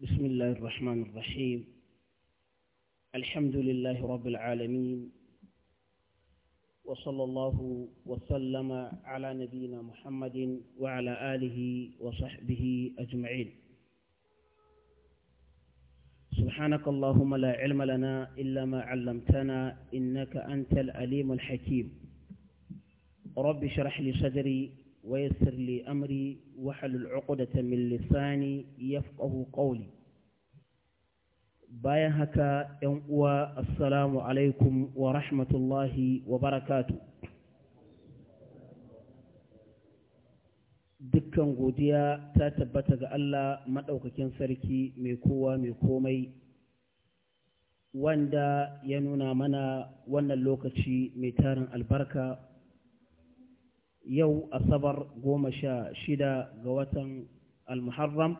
بسم الله الرحمن الرحيم الحمد لله رب العالمين وصلى الله وسلم على نبينا محمد وعلى آله وصحبه أجمعين سبحانك اللهم لا علم لنا إلا ما علمتنا إنك أنت الأليم الحكيم رب اشرح لي صدري ويسر لي أمري وحل العقدة من لساني يفقه قولي bayan haka ‘yan uwa assalamu alaikum wa rahmatullahi wa barakatu dukkan godiya ta tabbata ga Allah maɗaukakin sarki mai kowa mai komai wanda ya nuna mana wannan lokaci mai tarin albarka yau asabar goma sha shida ga watan almuharram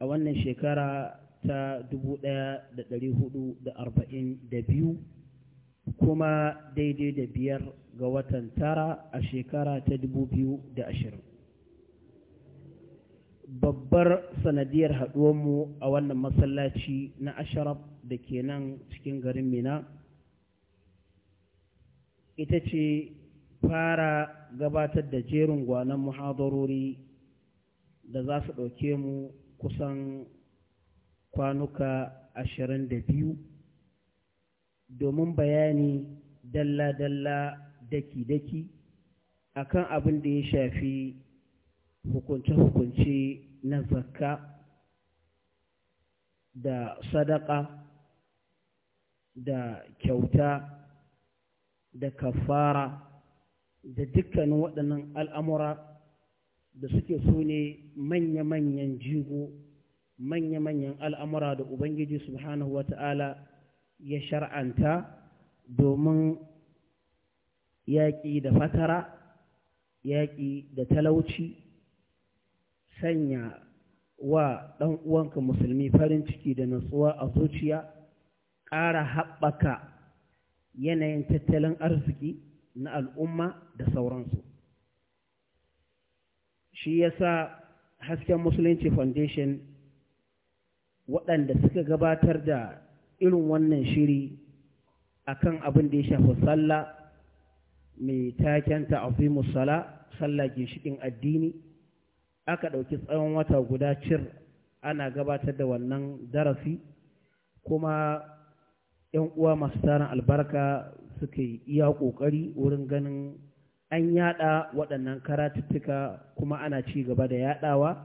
a wannan shekara ta da da hudu arba'in biyu kuma daidai da biyar ga watan tara a shekara ta da ashirin, babbar sanadiyar haɗuwanmu a wannan masallaci na asharaf da ke nan cikin garin mina ita ce fara gabatar da jerin gwanon muhadarori da za su ɗauke mu kusan kwanuka ashirin da biyu domin bayani dalla-dalla daki-daki akan abin da ya shafi hukunce-hukunce na zakka da sadaka da kyauta da kafara da dukkanin waɗannan al'amura da suke su ne manya-manyan jigo manya-manyan al'amura da Ubangiji Subhanahu wa ta'ala ya shar'anta domin yaƙi da fatara, yaƙi da talauci, sanya wa ɗan uwanka musulmi farin ciki da nutsuwa a zuciya, ƙara haɓaka yanayin tattalin arziki, na al'umma da sauransu shi yasa hasken musulunci foundation waɗanda suka gabatar da irin wannan shiri akan abin da ya shafi sallah mai taken ta'azimu sala sallah ginshikin addini aka ɗauki tsawon wata guda cir ana gabatar da wannan darasi kuma ‘yan uwa masu tarin albarka suka iya ƙoƙari wurin ganin an yada waɗannan karatuttuka kuma ana ci gaba da yadawa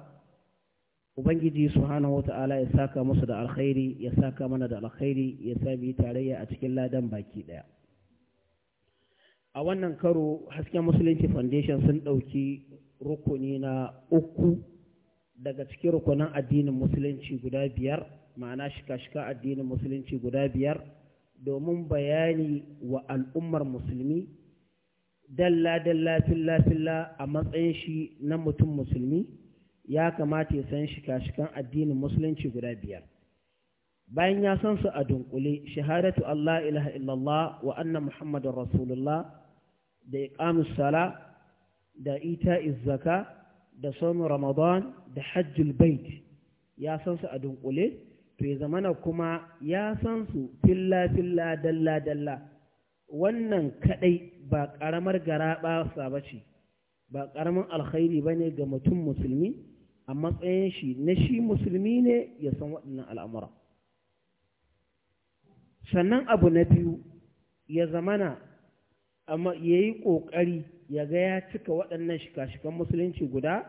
ubangiji subhanahu wata'ala ya saka musu da alkhairi ya saka mana da alkhairi ya sami tarayya a cikin ladan baki daya a wannan karo hasken musulunci foundation sun ɗauki rukuni na uku daga cikin rukunan addinin musulunci guda biyar ma'ana shika-shika addinin musulunci guda biyar domin bayani wa al'ummar musulmi dalla-dalla filla-filla a matsayin shi na mutum musulmi ya kamata ya san shika-shikan addinin musulunci guda biyar bayan ya san su a dunkule shahadatu Allah ilaha illallah wa anna muhammadin rasulullah da iqamus sala da ita zaka da sonu ramadan da hajjul bait ya san su a dunkule to ya zamana kuma ya san su filla filla dalla dalla wannan kadai ba karamar garaba sa ce ba karamin alkhairi bane ga mutum musulmi a matsayin shi na shi musulmi ne ya san waɗannan al'amura sannan abu na biyu ya zamana ya yi ƙoƙari ya ga ya cika waɗannan shika-shikan musulunci guda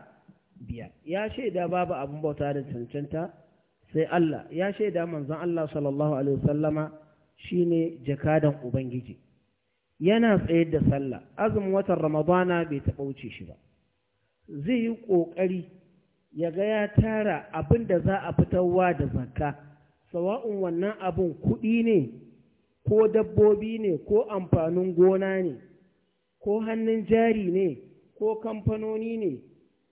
biyar ya shaida babu abin bauta da cancanta sai Allah ya shaida manzon Allah sallallahu alaihi wasallama shine jakadan ubangiji yana tsayar da sallah azumin watan ramadana bai taɓa wuce shi ba zai yi ƙoƙari ya ga ya tara abin da za a fitarwa da zakka sawa'un wannan abin kuɗi ne ko dabbobi ne ko amfanin gona ne ko hannun jari ne ko kamfanoni ne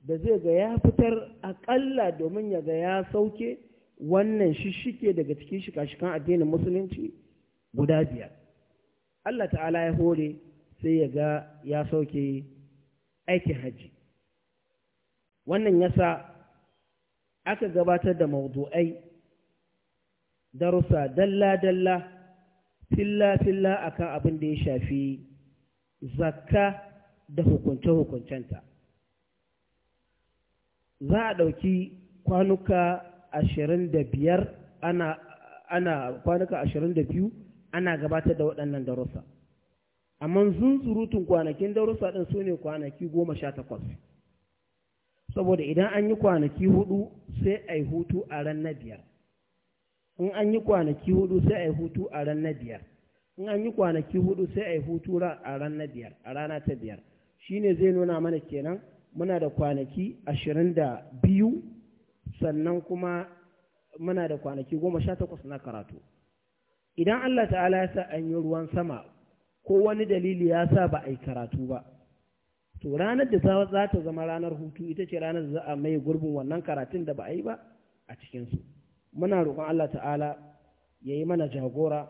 da zai ga ya fitar aƙalla domin ya ga ya sauke wannan shike daga cikin shika-shikan addinin musulunci guda biyar Allah ta'ala ya hore sai ya ga ya sauke aikin hajji wannan yasa aka gabatar da mawdu'ai darussa dalla-dalla filla-filla akan abin da ya shafi zakka da hukunce-hukuncenta za a ɗauki kwanuka ashirin da biyar ana ana kwanuka ashirin da biyu ana gabatar da waɗannan darussa amma zunzurutun kwanakin darussa ɗin su ne kwanaki goma sha takwas saboda idan an yi kwanaki hudu sai a yi hutu a ran na biyar in an yi kwanaki hudu sai a yi hutu a ran na biyar in an yi kwanaki hudu sai a yi hutu a ran na biyar a rana ta biyar shine zai nuna mana kenan muna da kwanaki ashirin da biyu sannan kuma muna da kwanaki goma sha takwas na karatu idan Allah ta'ala ya sa an yi ruwan sama ko wani dalili ya sa ba a yi karatu ba to ranar da za ta zama ranar hutu ita ce ranar da za a mai gurbin wannan karatun da ba a yi ba a cikinsu muna roƙon Allah ta'ala ya yi mana jagora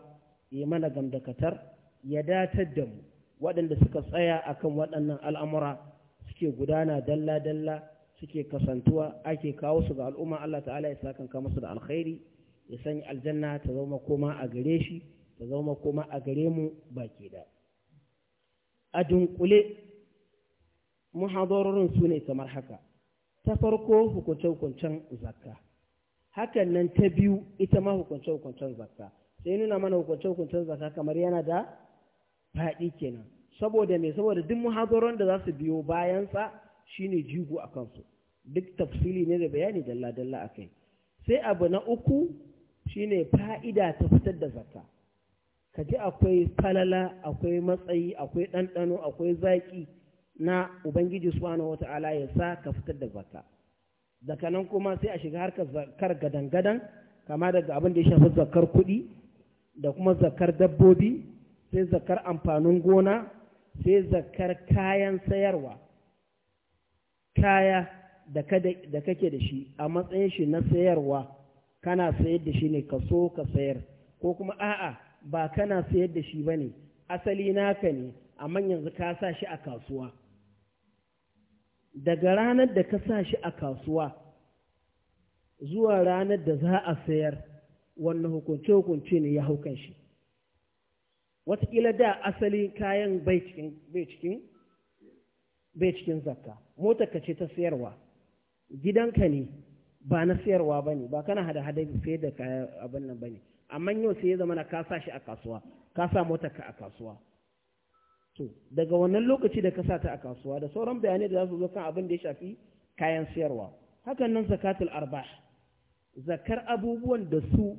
ya yi mana gamdakatar ya datar da mu waɗanda suka tsaya akan waɗannan al'amura suke gudana dalla-dalla suke kasantuwa ake kawo su ga al'umma Allah ta'ala ya sakan kan musu da alkhairi ya sanya aljanna ta zama koma a gare shi ta zama koma a gare mu baki da a dunkule muhadarorin su ne kamar haka ta farko hukunce-hukuncen zakka hakan nan ta biyu ita ma hukunce-hukuncen zakka sai nuna mana hukunce-hukuncen zakka kamar yana da faɗi kenan saboda me saboda duk muhadaron da za su biyo bayansa shine jigo a kansu duk tafsili ne da bayani dalla-dalla a kai sai abu na uku shine fa'ida ta fitar da zakka ka ji akwai falala akwai matsayi akwai ɗanɗano akwai zaƙi na ubangiji subhanahu wata'ala ya sa ka fitar da zakka daga nan kuma sai a shiga harkar zakar gadan-gadan kama daga abin da ya shafi zakar kuɗi da kuma zakar dabbobi sai zakar amfanin gona sai zakar kayan sayarwa kaya da kake da shi a matsayin shi na sayarwa kana sayar da shi ne ka so ka sayar ko kuma a'a ba kana sayar da shi ba ne asali naka ne amma yanzu ka sa shi a kasuwa daga ranar da ka sa shi a kasuwa zuwa ranar da za a sayar wannan hukunce-hukunce ne ya haukan shi wataƙila da asali kayan bai cikin bai cikin zakka motar ka ce ta sayarwa gidanka ne ba na sayarwa ba ne ba kana hada hada sayar da kaya abin nan ba ne amma yau sai ya zama na kasa shi a kasuwa ka sa motarka a kasuwa to daga wannan lokaci da ka sa ta a kasuwa da sauran bayanai da za su zo kan abin da ya shafi kayan sayarwa hakan nan zakatul arbah zakar abubuwan da su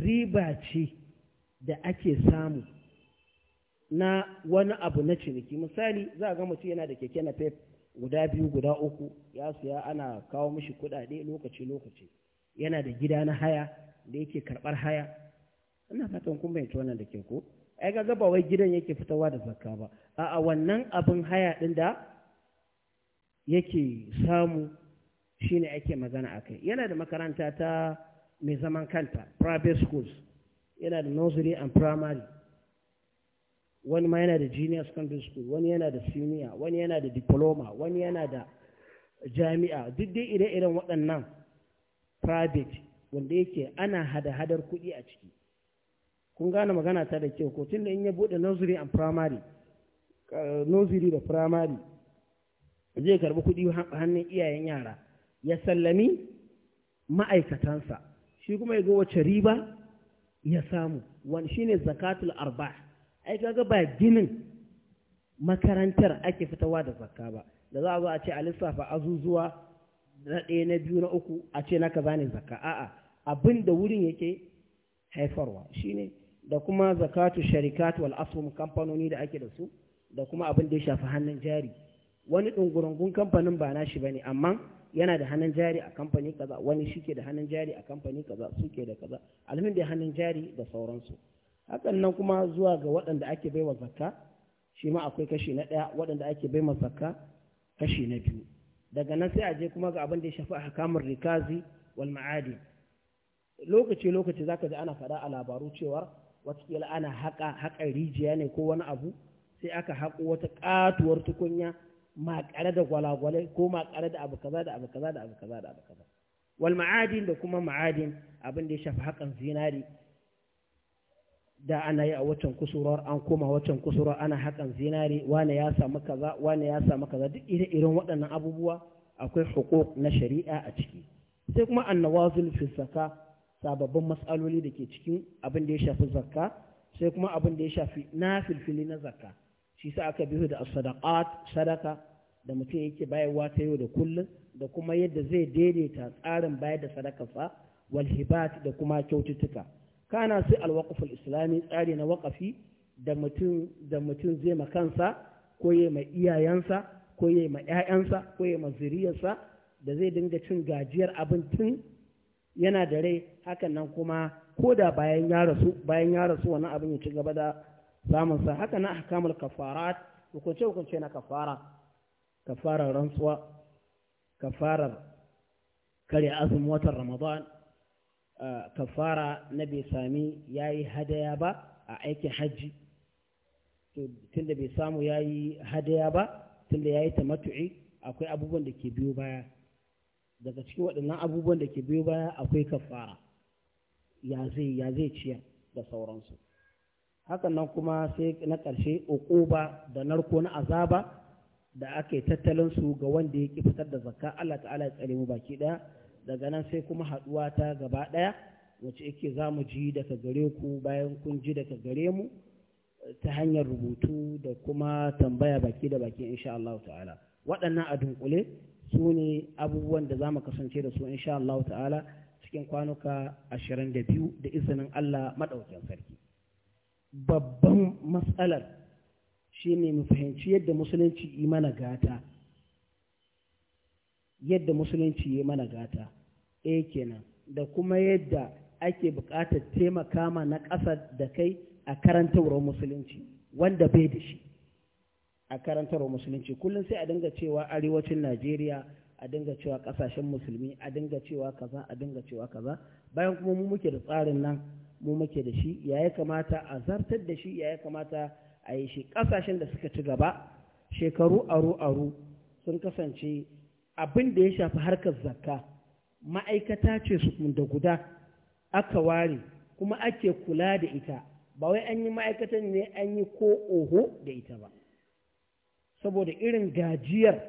riba ce da ake samu na wani abu na ciniki misali za a ga mutum yana da keke na pep guda biyu guda uku ya siya ana kawo mishi kuɗaɗe lokaci-lokaci yana da gida na haya da yake karbar haya ina fatan kun bai tona da ke ko ai ga ba wai gidan yake fitowa da zakka ba a'a wannan abin haya ɗin da yake samu shine ake magana a kai, yana da makaranta ta mai zaman kanta private schools yana da nursery and primary wani ma yana da junior secondary school wani yana da senior wani yana da diploma wani yana da jami'a duk dai ire-iren waɗannan private wanda yake ana hada-hadar kuɗi a ciki kun gane magana ta da kyau ko tun da in ya buɗe nursery and primary eh, nursery da primary zai karɓi kuɗi hannun iyayen yara ya sallami ma'aikatansa shi kuma ya ga wace riba ya samu wani shine zakatul arba'a. ai kaga ba ginin makarantar ake fitawa da zakka ba da za a zo a ce a lissafa azuzuwa na ɗaya na biyu na uku a ce na kaza ne zakka a'a abin da wurin yake haifarwa shine da kuma zakatu sharikat wal asum kamfanoni da ake da su da kuma abin da ya shafi hannun jari wani ɗungurungun kamfanin ba na shi bane amma yana da hannun jari a kamfani kaza wani shi ke da hannun jari a kamfani kaza su ke da kaza alhamdulillah hannun jari da sauransu hakan nan kuma zuwa ga waɗanda ake baiwa zakka shi ma akwai kashi na ɗaya waɗanda ake baiwa zakka kashi na biyu daga nan sai a je kuma ga abin da ya shafi a hakamar rikazi wal ma'adi lokaci lokaci zaka ji ana faɗa a labaru cewar watakila ana haƙa haƙa rijiya ne ko wani abu sai aka haƙo wata ƙatuwar tukunya maƙare da gwalagwalai ko maƙare da abu kaza da abu kaza da abu kaza da abu kaza wal ma'adin da kuma ma'adin abin da ya shafi haƙan zinari da ana yi a watan kusurar an koma watan kusurar ana hakan zinari wane ya samu kaza wane ya samu kaza duk ire-iren waɗannan abubuwa akwai hukuk na shari'a a ciki sai kuma annawazul fi sababbin matsaloli da ke cikin abin da ya shafi zakka sai kuma abin da ya shafi na filfili na zakka shi sa aka biyo da sadaqat sadaka da mutum yake bayarwa ta yau da kullum da kuma yadda zai daidaita tsarin bayar da sadakarsa walhibat walhibat da kuma kyaututtuka kana sai alwaqful islami tsari na waƙafi da mutum zai ma kansa ko ya ma iyayensa ko ya ma ƴaƴansa ko ya ma zuriyarsa da zai dinga cin gajiyar abin yana da rai hakan nan kuma ko da bayan ya rasu bayan ya rasu wani abin ya ci gaba da samun sa haka na ahkamul kafarat hukunce hukunce na kafara kafarar rantsuwa kafarar kare azumin watan ramadan kafara na bai sami ya yi hadaya ba a aikin hajji tunda bai samu ya yi hadaya ba tunda ya yi matu'i akwai abubuwan da ke biyo baya daga cikin waɗannan abubuwan da ke biyo baya akwai kafara ya zai ya zai ciya da sauransu hakan nan kuma sai na ƙarshe uquba da narko na azaba da ake tattalin su ga wanda ya ƙi fitar da zakka Allah ta'ala ya tsare mu baki ɗaya daga nan sai kuma haɗuwa ta gaba ɗaya wacce yake za mu ji daga gare ku bayan kun ji daga gare mu ta hanyar rubutu da kuma tambaya baki da baki insha Allah ta'ala waɗannan a dunkule su ne abubuwan da za mu kasance da su insha Allah ta'ala cikin kwanuka ashirin da biyu da izinin Allah maɗaukin sarki babban matsalar shi ne mu fahimci yadda musulunci yi mana gata yadda musulunci yi mana gata A kenan da kuma yadda ake buƙatar taimaka ma na ƙasa da kai a karantarwar musulunci wanda bai da shi a karantarwar musulunci kullum sai a dinga cewa arewacin najeriya a dinga cewa ƙasashen musulmi a dinga cewa kaza a dinga cewa kaza bayan kuma mu muke da tsarin nan mu muke da shi ya ya kamata a zartar da shi ya ya kamata a yi shi ƙasashen da suka ci gaba shekaru aru aru sun kasance abin da ya shafi harkar zakka ma'aikata ce su da guda aka ware kuma ake kula da ita ba wai an yi ma'aikatan ne an yi ko oho da ita ba saboda irin gajiyar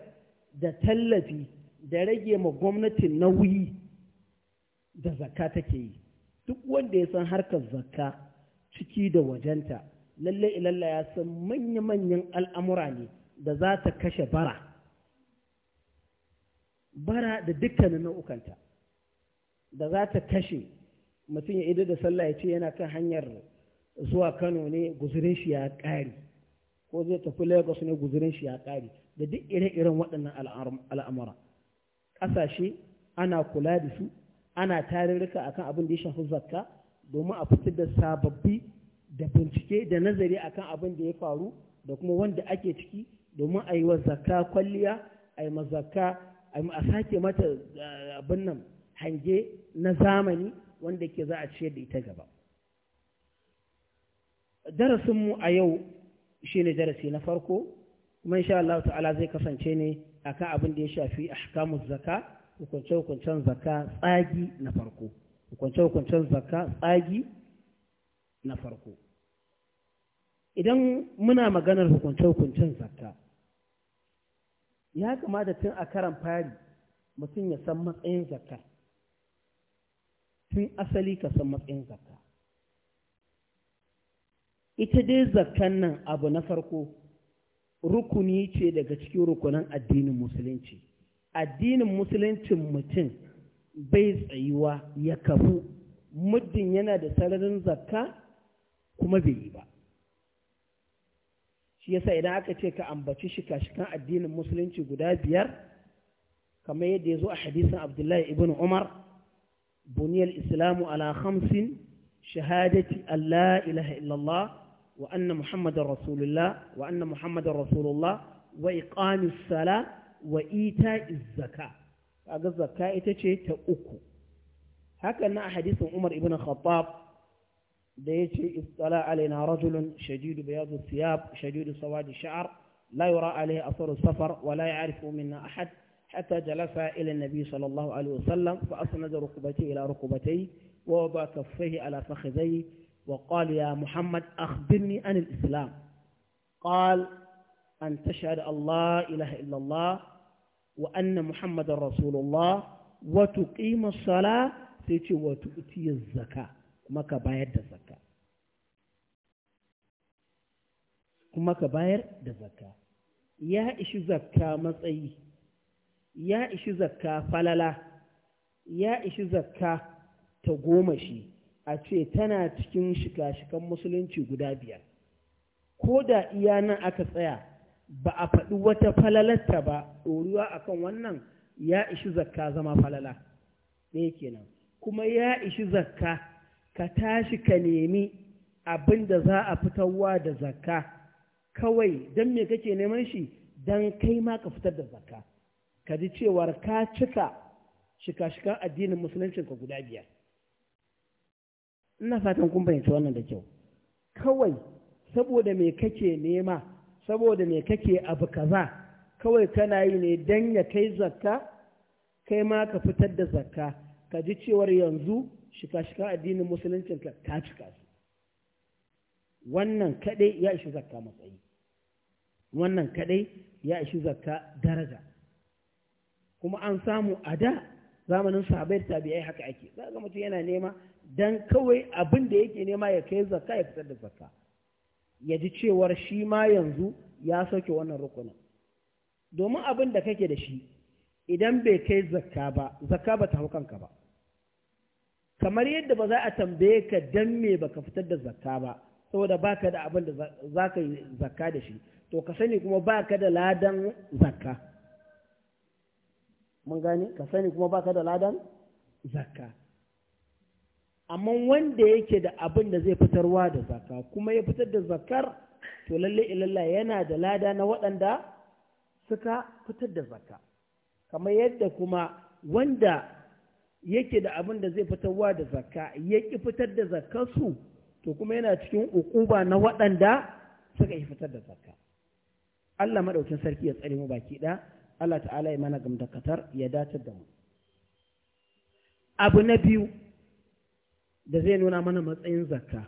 da tallafi da rage ma gwamnatin nauyi da zakka take yi duk wanda ya san harkar zakka ciki da wajenta lallai ilalla ya san manya-manyan al'amura ne da za ta kashe bara bara da dukkanin nau'ukanta da za ta kashe mutum ya ido da sallah ya ce yana kan hanyar zuwa kano ne guzurin shi ya ƙari ko zai tafi lagos ne guzurin shi ya ƙari da duk ire-iren waɗannan al'amura ƙasashe ana kula da su ana tarurruka akan abin da ya shafi zakka domin a fitar da sababbi da bincike da nazari akan abin da ya faru da kuma wanda ake ciki domin a yi wa zakka kwalliya a yi mazakka a sake mata abin nan hange na zamani wanda ke za a ciyar da ita gaba darasinmu a yau shi ne darasi na farko kuma insha Allah ta'ala zai kasance ne kan abin da ya shafi a zaka hukunce-hukuncen zaka tsagi na farko hukunce-hukuncen zaka tsagi na farko idan muna maganar hukunce-hukuncen zaka. ya kamata tun a karan fari mutum ya san matsayin zakka tun asali ka san matsayin zakka ita dai zakkan nan abu na farko rukuni ce daga cikin rukunan addinin musulunci addinin musuluncin mutum bai tsayuwa ya kafu muddin yana da sararin zakka kuma bai yi ba shi yasa idan aka ce ka ambaci shika-shikan addinin musulunci guda biyar kamar yadda ya zo a hadisin abdullahi ibn umar buniyar islamu ala khamsin shahadati allah ilaha illallah wa anna muhammadar rasulullah wa anna muhammadar rasulullah wa iqamis sala wa ita izaka kaga zakka ita ce ta uku haka na a hadisin umar ibn khattab da ya ce istala alaina rajulun shadidu bayadu shadidu sawadi sha'ar la yura alaihi asaru safar wa la ya'rifu minna ahad hatta jalasa nabi sallallahu alaihi wasallam fa asnada ya muhammad akhbirni an alislam qal an tashhad allah ilaha wa anna muhammadar rasulullah wa tuqima sai ce wa tuqiya kuma ka bayar da zakka kuma ka bayar da zakka ya ishi zakka matsayi ya ishi zakka falala ya ishi zakka ta goma shi a ce tana cikin shika-shikan musulunci guda biyar ko da iya nan aka tsaya ba a faɗi wata falalarta ba ɗoruwa akan wannan ya ishi zakka zama falala ɗaya kenan kuma ya ishi zakka ka tashi ka nemi abin da za a fitarwa da zakka kawai don me kake neman shi don kai ma ka fitar da zakka ka ji cewar ka cika shika-shikan addinin musuluncin ka guda biyar ina fatan kun fahimci wannan da kyau kawai saboda me kake nema saboda me kake abu kaza kawai kana yi ne don ya kai zakka kai ma ka fitar da zakka ka ji cewar yanzu shika-shika addinin musuluncinka ka cika su wannan kadai ya ishi zakka matsayi wannan kadai ya ishi zakka daraja kuma an samu a da zamanin sahabai tabi'ai haka ake za ga mutum yana nema dan kawai abin da yake nema ya kai zakka ya fitar da zakka ya ji cewar shi ma yanzu ya sauke wannan rukunin domin abin da kake da shi idan bai kai zakka ba zakka ba ta hau kanka ba kamar yadda ba za a tambaye ka dan me baka fitar da zakka ba saboda baka da abin da za ka yi zakka da shi to ka sani kuma baka da ladan zakka mun gane ka sani kuma baka da ladan zakka amma wanda yake da abin da zai fitarwa da zakka kuma ya fitar da zakkar to lalle ilalla yana da lada na waɗanda suka fitar da zakka kamar yadda kuma wanda yake da abin da zai fitarwa da zakka ya ki fitar da zakkansu to kuma yana cikin ukuba na waɗanda suka yi fitar da zakka Allah madaukin sarki ya tsare mu baki da Allah ta'ala ya mana gamdakatar ya dace da mu abu na biyu da zai nuna mana matsayin zakka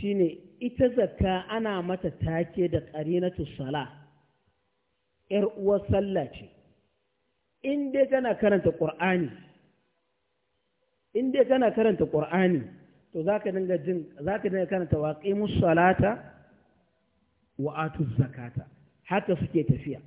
shine ita zakka ana mata take da qarinatu sala yar uwar sallah ce in kana karanta ƙur'ani in kana karanta ƙur'ani to za dinga jin za dinga karanta waƙi musalata wa atu zakata haka suke tafiya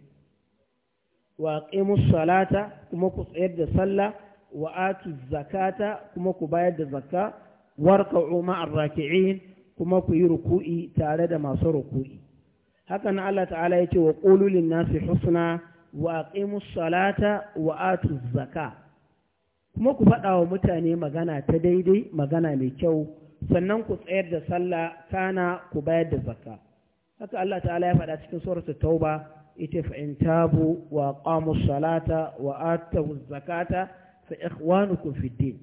waƙi musalata kuma ku tsayar da sallah wa atu zakata kuma ku bayar da zakka warka ma'ar arraki'in kuma ku yi ruku'i tare da masu ruku'i haka na Allah ta'ala ya ce wa qulu lin nasi husna wa musalata salata wa atu zaka kuma ku faɗa wa mutane magana ta daidai magana mai kyau sannan ku tsayar da sallah kana ku bayar da zakka haka Allah ta'ala ya faɗa cikin suratul tauba ita fa in tabu wa qamu salata wa atu zakata fa ikhwanukum fid din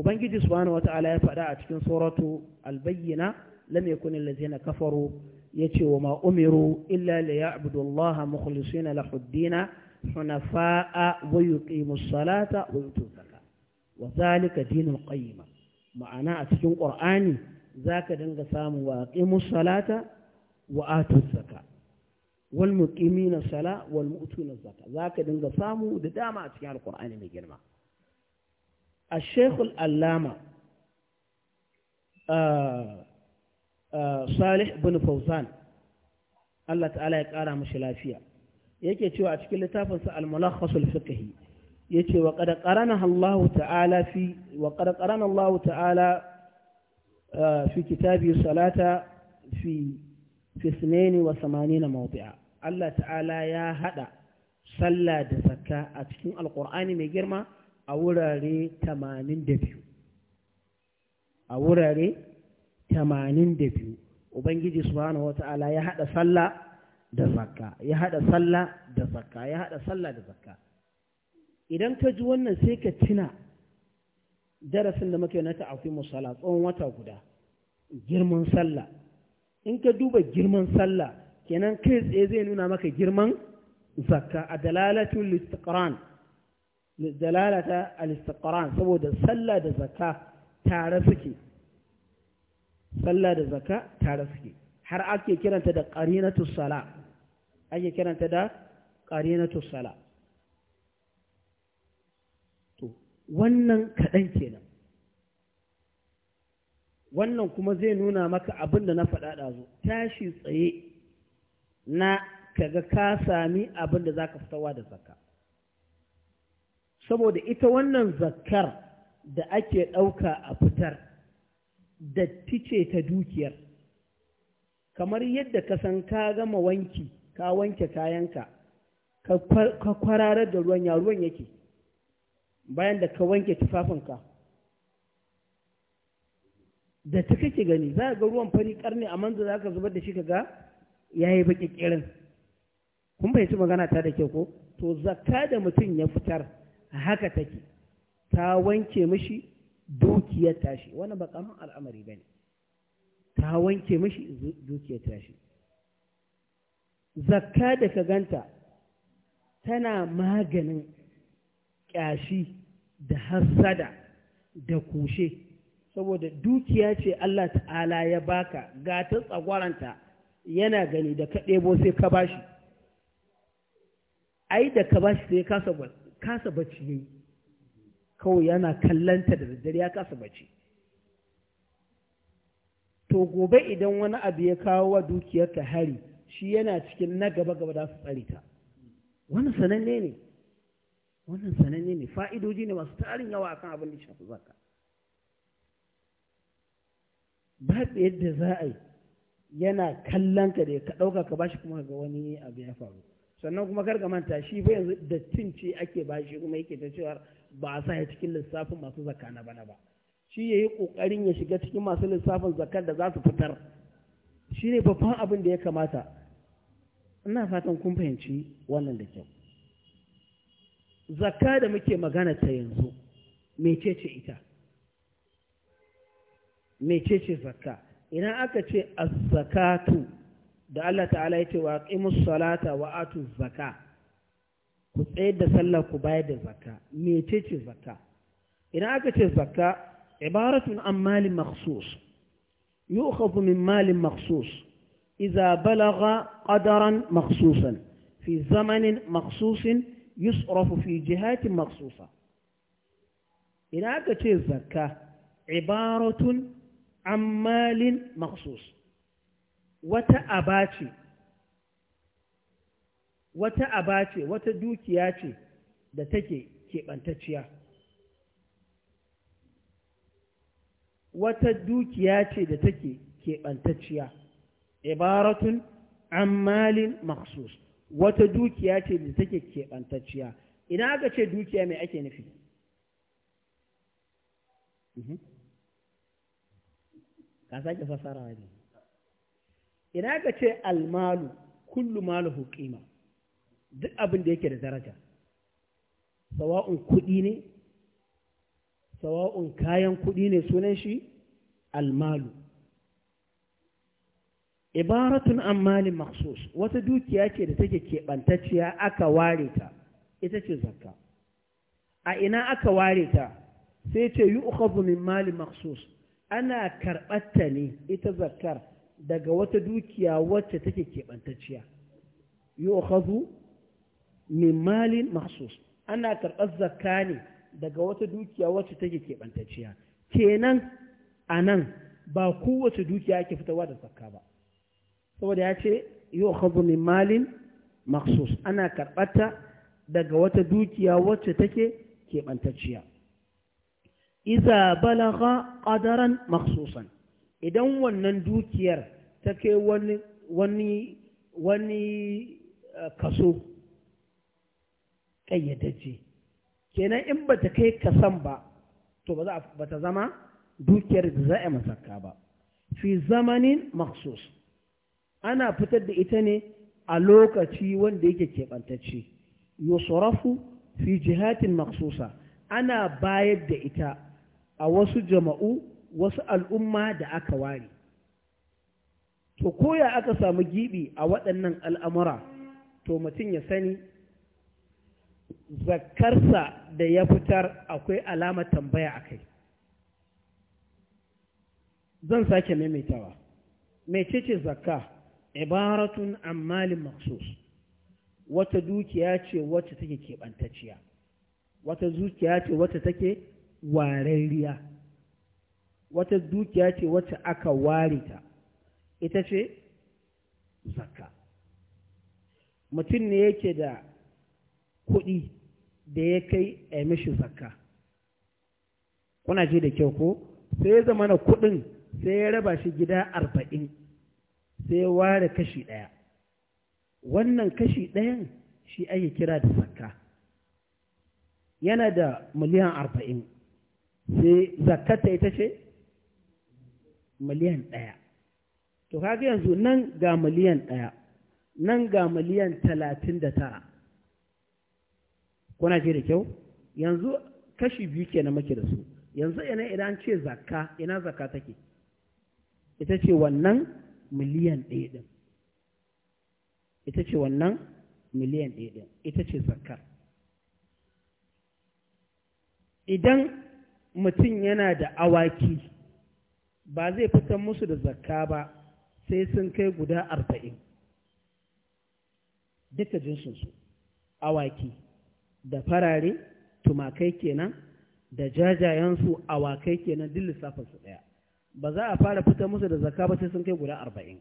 ubangiji subhanahu ta'ala ya faɗa a cikin suratul al-bayyina lam yakun allazina kafaru yace wa ma umiru illa li ya'budu Allah mukhlisina lahu ad-dina hunafa'a wa yuqimu as-salata wa yutu zakat wa zalika dinul qayyim ma'ana a cikin qur'ani zaka dinga samu wa aqimu salata wa atu zakat wal muqimina as-sala wal mu'tuna az-zakat zaka dinga samu da dama a cikin alqur'ani mai girma الشيخ الألامة آه salih bin fauzan Allah ta'ala ya ƙara mashi lafiya yake cewa a cikin littafinsa al-mulakhasul fiqhi yace wa qad qarana Allahu ta'ala fi wa qad qarana Allahu ta'ala uh, fi kitabi salata fi fi 82 mawdi'a Allah ta'ala ya hada salla da zakka a cikin alqur'ani mai girma a wurare 82 a wurare 82 ubangiji subhanahu wata'ala ya hada sallah da zakka ya hada sallah da zakka ya hada sallah da zakka idan ka ji wannan sai ka tuna darasin da muke na ta'afimu sallah tsawon wata guda girman sallah in ka duba girman sallah kenan kai tsaye zai nuna maka girman zakka a dalalatu istiqran dalalata al istiqran saboda sallah da zakka tare suke sallah da zaka tare suke har ake kiranta da qarinatu sala ake kiranta da qarinatu sala to wannan kadan kenan wannan kuma zai nuna maka abin da na faɗa ɗazu tashi tsaye na kaga ka sami abin da za ka fitawa da zakka saboda ita wannan zakkar da ake ɗauka a fitar datti ce ta dukiyar kamar yadda ka san ka gama wanki ka wanke kayanka ka kwararar da ruwan ya ruwan yake bayan da ka wanke tufafinka da ta kake gani za ga ruwan fari karni a manzu za ka zubar da shi ka ga ya yi baƙi ƙirin kun fahimci magana ta da ke ko to zakka da mutum ya fitar haka take ta wanke mishi dukiyar tashi wani ba kaman al'amari ba ne ta wanke mashi dukiyar tashi zakka da ka ganta tana maganin ƙyashi da hassada da kushe saboda dukiya ce Allah ta'ala ya baka ga ta tsagwaranta yana gani da ka ɗebo sai ka bashi ai da ka bashi sai kasa bacci yayi kawai yana kallanta da daddare ya kasa bace, to gobe idan wani abu ya kawo wa dukiyarka hari shi yana cikin na gaba gaba da su tsare ta wannan sananne ne wannan sananne ne fa'idoji ne masu tarin yawa akan abin da shafi zaka babu yadda za a yi yana kallon ka da ka ɗauka ka bashi kuma ga wani abu ya faru sannan kuma kar ka manta shi fa yanzu dattin ce ake bashi kuma yake ta cewa ba a sa ya cikin lissafin masu zaka na bana ba shi ya yi ƙoƙarin ya shiga cikin masu lissafin zakar da za su fitar shi ne babban abin da ya kamata ina fatan kun fahimci wannan da kyau zakka da muke magana ta yanzu mecece ita mecece zakka idan aka ce a zakatu da Allah ta'ala ya ce wa aqimus salata wa atuz zakat ku tsayar da sallah ku bayar da zakka mece ce zakka idan aka ce zakka ibaratun an malin makhsus yu'khadhu min malin makhsus idza balagha qadaran makhsusan fi zamanin makhsusin yusrafu fi jihatin makhsusa idan aka ce zakka ibaratun an malin makhsus wata aba wata aba ce wata dukiya ce da take keɓantacciya wata dukiya ce da take keɓantacciya ibaratun ammalin maksus wata dukiya ce da take keɓantacciya idan aka ce dukiya mai ake nufi mhm. ka sake fasara ne idan aka ce almalu kullu malu hukima duk abin da yake da daraja sawa'un kuɗi ne sawa'un kayan kuɗi ne sunan shi almalu ibaratun ammalin maksus wata dukiya ce da take keɓantacciya aka ware ta ita ce zakka a ina aka ware ta sai ce yi ukhadhu min malin maksus ana karɓatta ne ita zakkar daga wata dukiya wacce take keɓantacciya yi ukhadhu min malin mahsus ana karɓar zakka ne daga wata dukiya wacce take keɓantacciya kenan a nan ba kowace dukiya ake fitowa da zakka ba saboda ya ce yau hazu min malin maksus ana karɓarta daga wata dukiya wacce take keɓantacciya iza balaga ƙadaran maksusan idan wannan dukiyar ta kai wani wani wani eh, kaso ƙayyadajje kenan in ba ta kai ka san ba to ba ta zama dukiyar da za a masarka ba fi zamanin maksus ana fitar da ita ne a lokaci wanda yake keɓantacce yusrafu fi jihatin maksusa ana bayar da ita a wasu jama'u wasu al'umma da aka ware to koya aka samu gibi a waɗannan al'amura to mutum ya sani zakarsa da ya fitar akwai alama tambaya a kai zan sake maimaitawa mecece zakka ibaratun ammalin maksus wata dukiya ce wacce take keɓantacciya wata dukiya ce wacce take warariya wata dukiya ce wacce aka ware ta ita ce zakka mutum ne yake da kuɗi da ya kai a mishi zakka kuna ji da kyau ko sai ya zama na kuɗin sai ya raba shi gida arba'in sai ya ware kashi ɗaya wannan kashi ɗayan shi ake kira da zakka yana da miliyan arba'in sai zakkata ita ce miliyan ɗaya to kaga yanzu nan ga miliyan ɗaya nan ga miliyan talatin da tara kuna ce da kyau yanzu kashi biyu ke na da su yanzu ina idan ce zakka ina zakka take ita ce wannan miliyan ɗaya ɗin ita ce wannan miliyan ɗaya ɗin ita ce zakkar idan mutum yana da awaki ba zai fitar musu da zakka ba sai sun kai guda arba'in duka jinsinsu awaki da farare tumakai kenan da jajayensu awakai kenan duk lissafinsu ɗaya ba za a fara fitar musu da zakka ba sai sun kai guda arba'in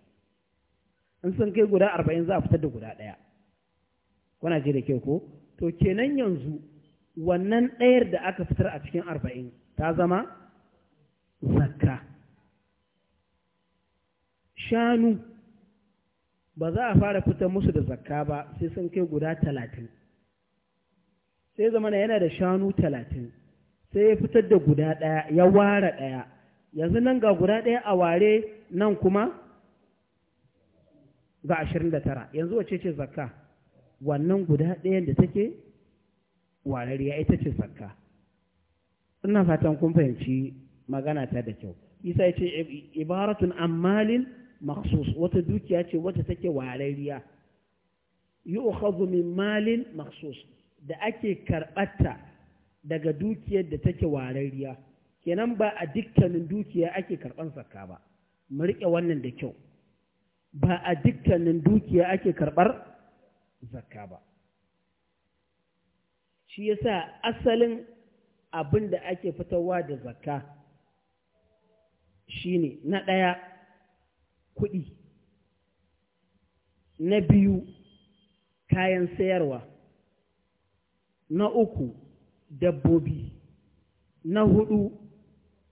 in sun kai guda arba'in za a fitar da guda ɗaya kuna ji da ke ko to kenan yanzu wannan ɗayar da aka fitar a cikin arba'in ta zama zakka shanu ba za a fara fitar musu da zakka ba sai sun kai guda talatin sai zama yana da shanu talatin sai ya fitar da guda ɗaya ya ware ɗaya yanzu nan ga guda ɗaya a ware nan kuma ga ashirin da tara yanzu wace ce zakka wannan guda ɗayan da take warariya ita ce zakka ina fatan kun fahimci magana ta da kyau isa ya ce ibaratun ammalin maksus wata dukiya ce wata take warariya yi min malin maksus da ake karɓarta daga dukiyar da take warariya kenan ba a dukkanin dukiya ake karɓar zakka ba mu riƙe wannan da kyau ba a dukkanin dukiya ake karɓar zakka ba shi yasa asalin abin da ake fitarwa da zakka shine na ɗaya kuɗi na biyu kayan sayarwa na uku dabbobi na hudu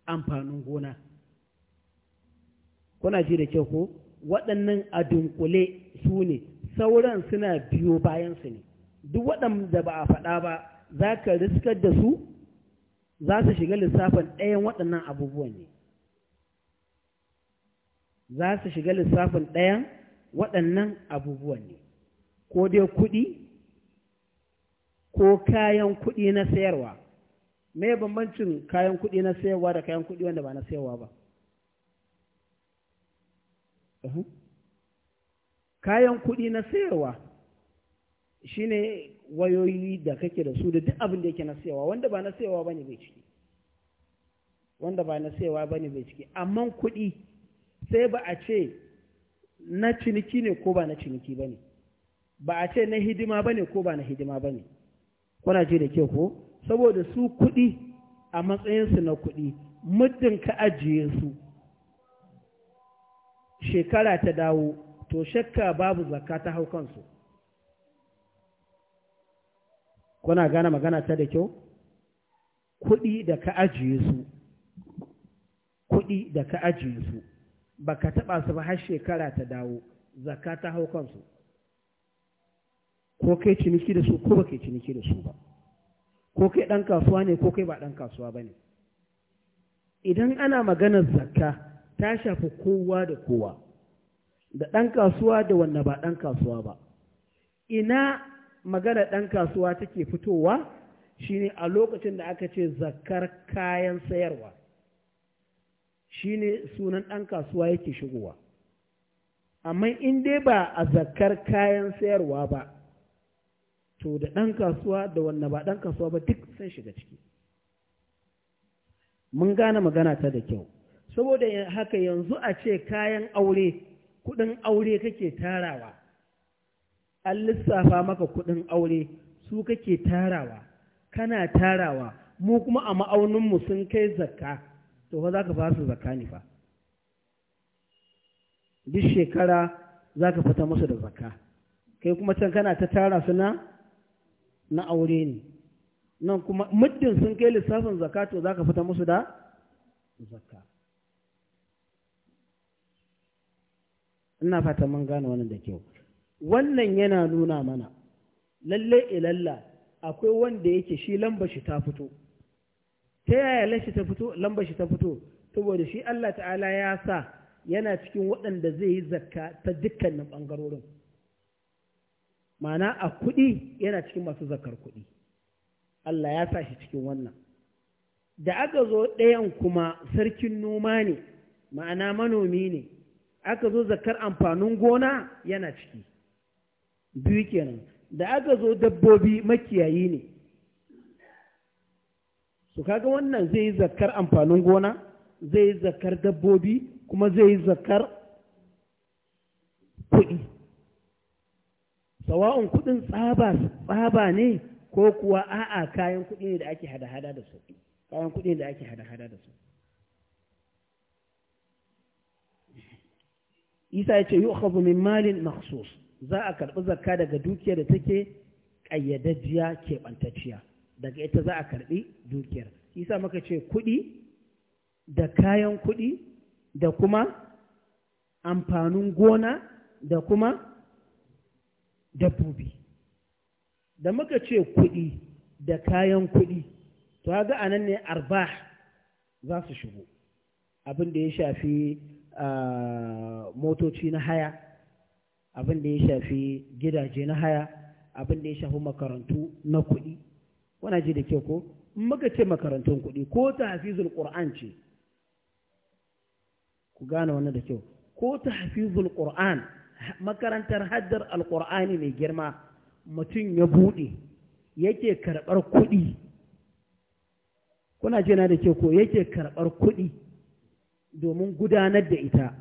amfanin gona kuna ji da kyau ko waɗannan a dunkule su ne sauran suna biyo bayansu ne duk waɗanda ba a faɗa ba za ka riskar da su za su shiga lissafin ɗayan waɗannan abubuwan ne za su shiga lissafin ɗayan waɗannan abubuwan ne ko dai kuɗi ko kayan kuɗi na sayarwa me bambancin kayan kuɗi na sayarwa da kayan kuɗi wanda ba na sayarwa ba kayan kuɗi na sayarwa shine wayoyi da kake da su da duk abin da yake na sayarwa wanda ba na sayarwa bane bai ciki wanda ba na sayarwa bane bai ciki amma kuɗi sai ba a ce na ciniki ne ko ba na ciniki bane ba a ce na hidima bane ko ba na hidima bane kuna ji da ke ko saboda su kuɗi a matsayinsu na kuɗi muddin ka ajiye su shekara ta dawo to shakka babu zakka ta hau kansu kuna gane magana ta da kyau kuɗi da ka ajiye su kuɗi da ka ajiye su ba ka taɓa su ba har shekara ta dawo zakka ta hau kansu ko kai ciniki da su ko ba kai ciniki da su ba ko kai ɗan kasuwa ne ko kai ba ɗan kasuwa ba ne idan ana maganar zakka ta shafi kowa da kowa da ɗan kasuwa da wanda ba ɗan kasuwa ba ina magana ɗan kasuwa take fitowa shine a lokacin da aka ce zakkar kayan sayarwa shine sunan ɗan kasuwa yake shigowa amma in dai ba a zakkar kayan sayarwa ba to da ɗan kasuwa da wanne ba ɗan kasuwa ba duk sun shiga ciki mun gane magana ta da kyau saboda haka yanzu a ce kayan aure kuɗin aure kake tarawa an lissafa maka kuɗin aure su kake tarawa kana tarawa mu kuma a ma'auninmu sun kai zakka to fa za ka ba su zakka ne fa duk shekara za ka fita musu da zakka kai kuma can kana ta tara suna na aure ne nan kuma muddin sun kai lissafin zakato to zaka fita musu da zakka ina fata mun gane wannan da kyau wannan yana nuna mana lalle ilalla akwai wanda yake shi lamba shi ta fito ta yaya lashi ta fito lamba shi ta fito saboda shi Allah ta'ala ya sa yana cikin waɗanda zai yi zakka ta dukkanin ɓangarorin mana a kuɗi yana cikin masu zakar kuɗi Allah ya sa shi cikin wannan da aka zo ɗayan kuma sarkin noma ne ma'ana manomi ne aka zo zakar amfanin gona yana ciki biyu kenan da aka zo dabbobi makiyayi ne su kaga wannan zai yi zakar amfanin gona zai yi zakar dabbobi kuma zai yi zakar kuɗi sawa'un kuɗin tsaba ne ko kuwa a'a kayan kuɗi ne da ake hada-hada da su kayan kuɗi ne da ake hada-hada da su isa ya ce yi min malin maksus za a karɓi zakka daga dukiyar da take ke keɓantacciya daga ita za a karɓi dukiyar isa maka ce kuɗi da kayan kuɗi da kuma amfanin gona da kuma dabbobi da muka ce kuɗi da kayan kuɗi to ga anan ne arba za su shigo abin da ya shafi motoci na haya abin da ya shafi gidaje na haya abin da ya shafi makarantu na kuɗi wana ji da ke ko muka ce makarantun kuɗi ko ta hafizul ƙur'an ce ku gane wannan da kyau ko ta hafizul ƙur'an makarantar haddar alkur'ani mai girma mutum ya buɗe yake karɓar kuɗi kuna jina da ke ko yake karɓar kuɗi domin gudanar da ita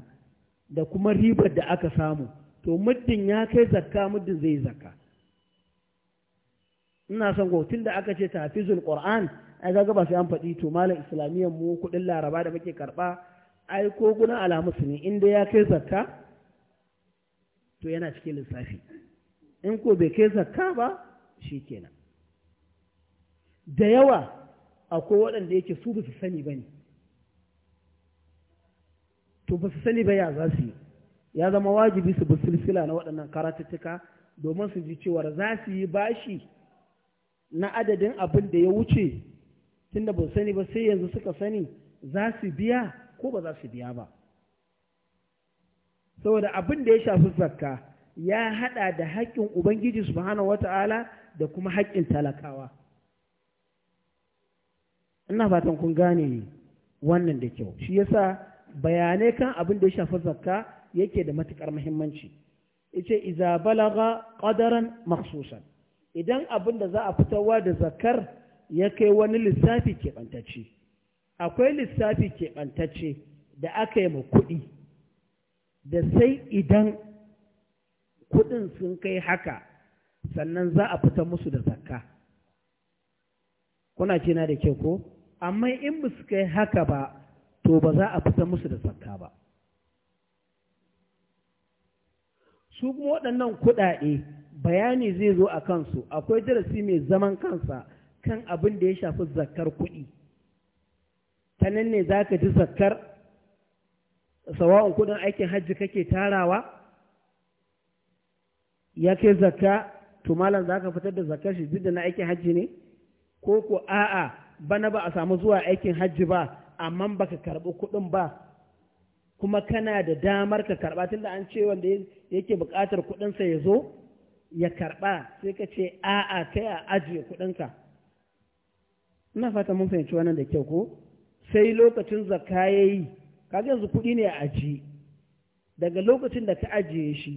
da kuma ribar da aka samu to muddin ya kai zakka muddin zai zakka ina son ko da aka ce tafizul qur'an ai kaga ba sai an faɗi to malam islamiyyan mu kuɗin laraba da muke karɓa ai ko guna su ne inda ya kai zakka to yana cikin lissafi in ko bai kai zakka ba shi kenan da yawa akwai waɗanda yake su ba su sani ba ne to ba su sani ba ya za su yi ya zama wajibi su bi silsila na waɗannan karatattuka domin su ji cewar za su yi bashi na adadin abin da ya wuce tunda ba su sani ba sai yanzu suka sani za su biya ko ba za su biya ba saboda abin da ya shafi zakka ya hada da haƙƙin ubangiji subhanahu wata'ala da kuma haƙƙin talakawa ina fatan kun gane wannan da kyau shi yasa bayanai kan abin da ya shafi zakka yake da matukar muhimmanci yace iza balaga qadaran makhsusan idan abin da za a fitarwa da zakkar ya kai wani lissafi keɓantacce akwai lissafi keɓantacce da aka yi ma kuɗi da sai idan kuɗin sun kai haka sannan za a fita musu da zakka kuna cina da ke ko amma in ba su kai haka ba to ba za a fita musu da zakka ba su kuma waɗannan kuɗaɗe bayani zai zo a kansu akwai darasi mai zaman kansa kan abin da ya shafi zakkar kuɗi ta nan ne za ka ji zakkar sawa'un kudin aikin hajji kake tarawa ya kai zakka tumalan malam za ka fitar da zakkar shi duk da na aikin hajji ne ko ko a'a bana ba a samu zuwa aikin hajji ba amma ba ka karɓi kuɗin ba kuma kana da damar ka karɓa tun da an ce wanda yake buƙatar kuɗinsa ya zo ya karɓa sai ka ce a'a kai a ajiye kuɗinka ina fata mun fahimci wannan da kyau ko sai lokacin zakka ya kaga yanzu kuɗi ne a aji daga lokacin da ka ajiye shi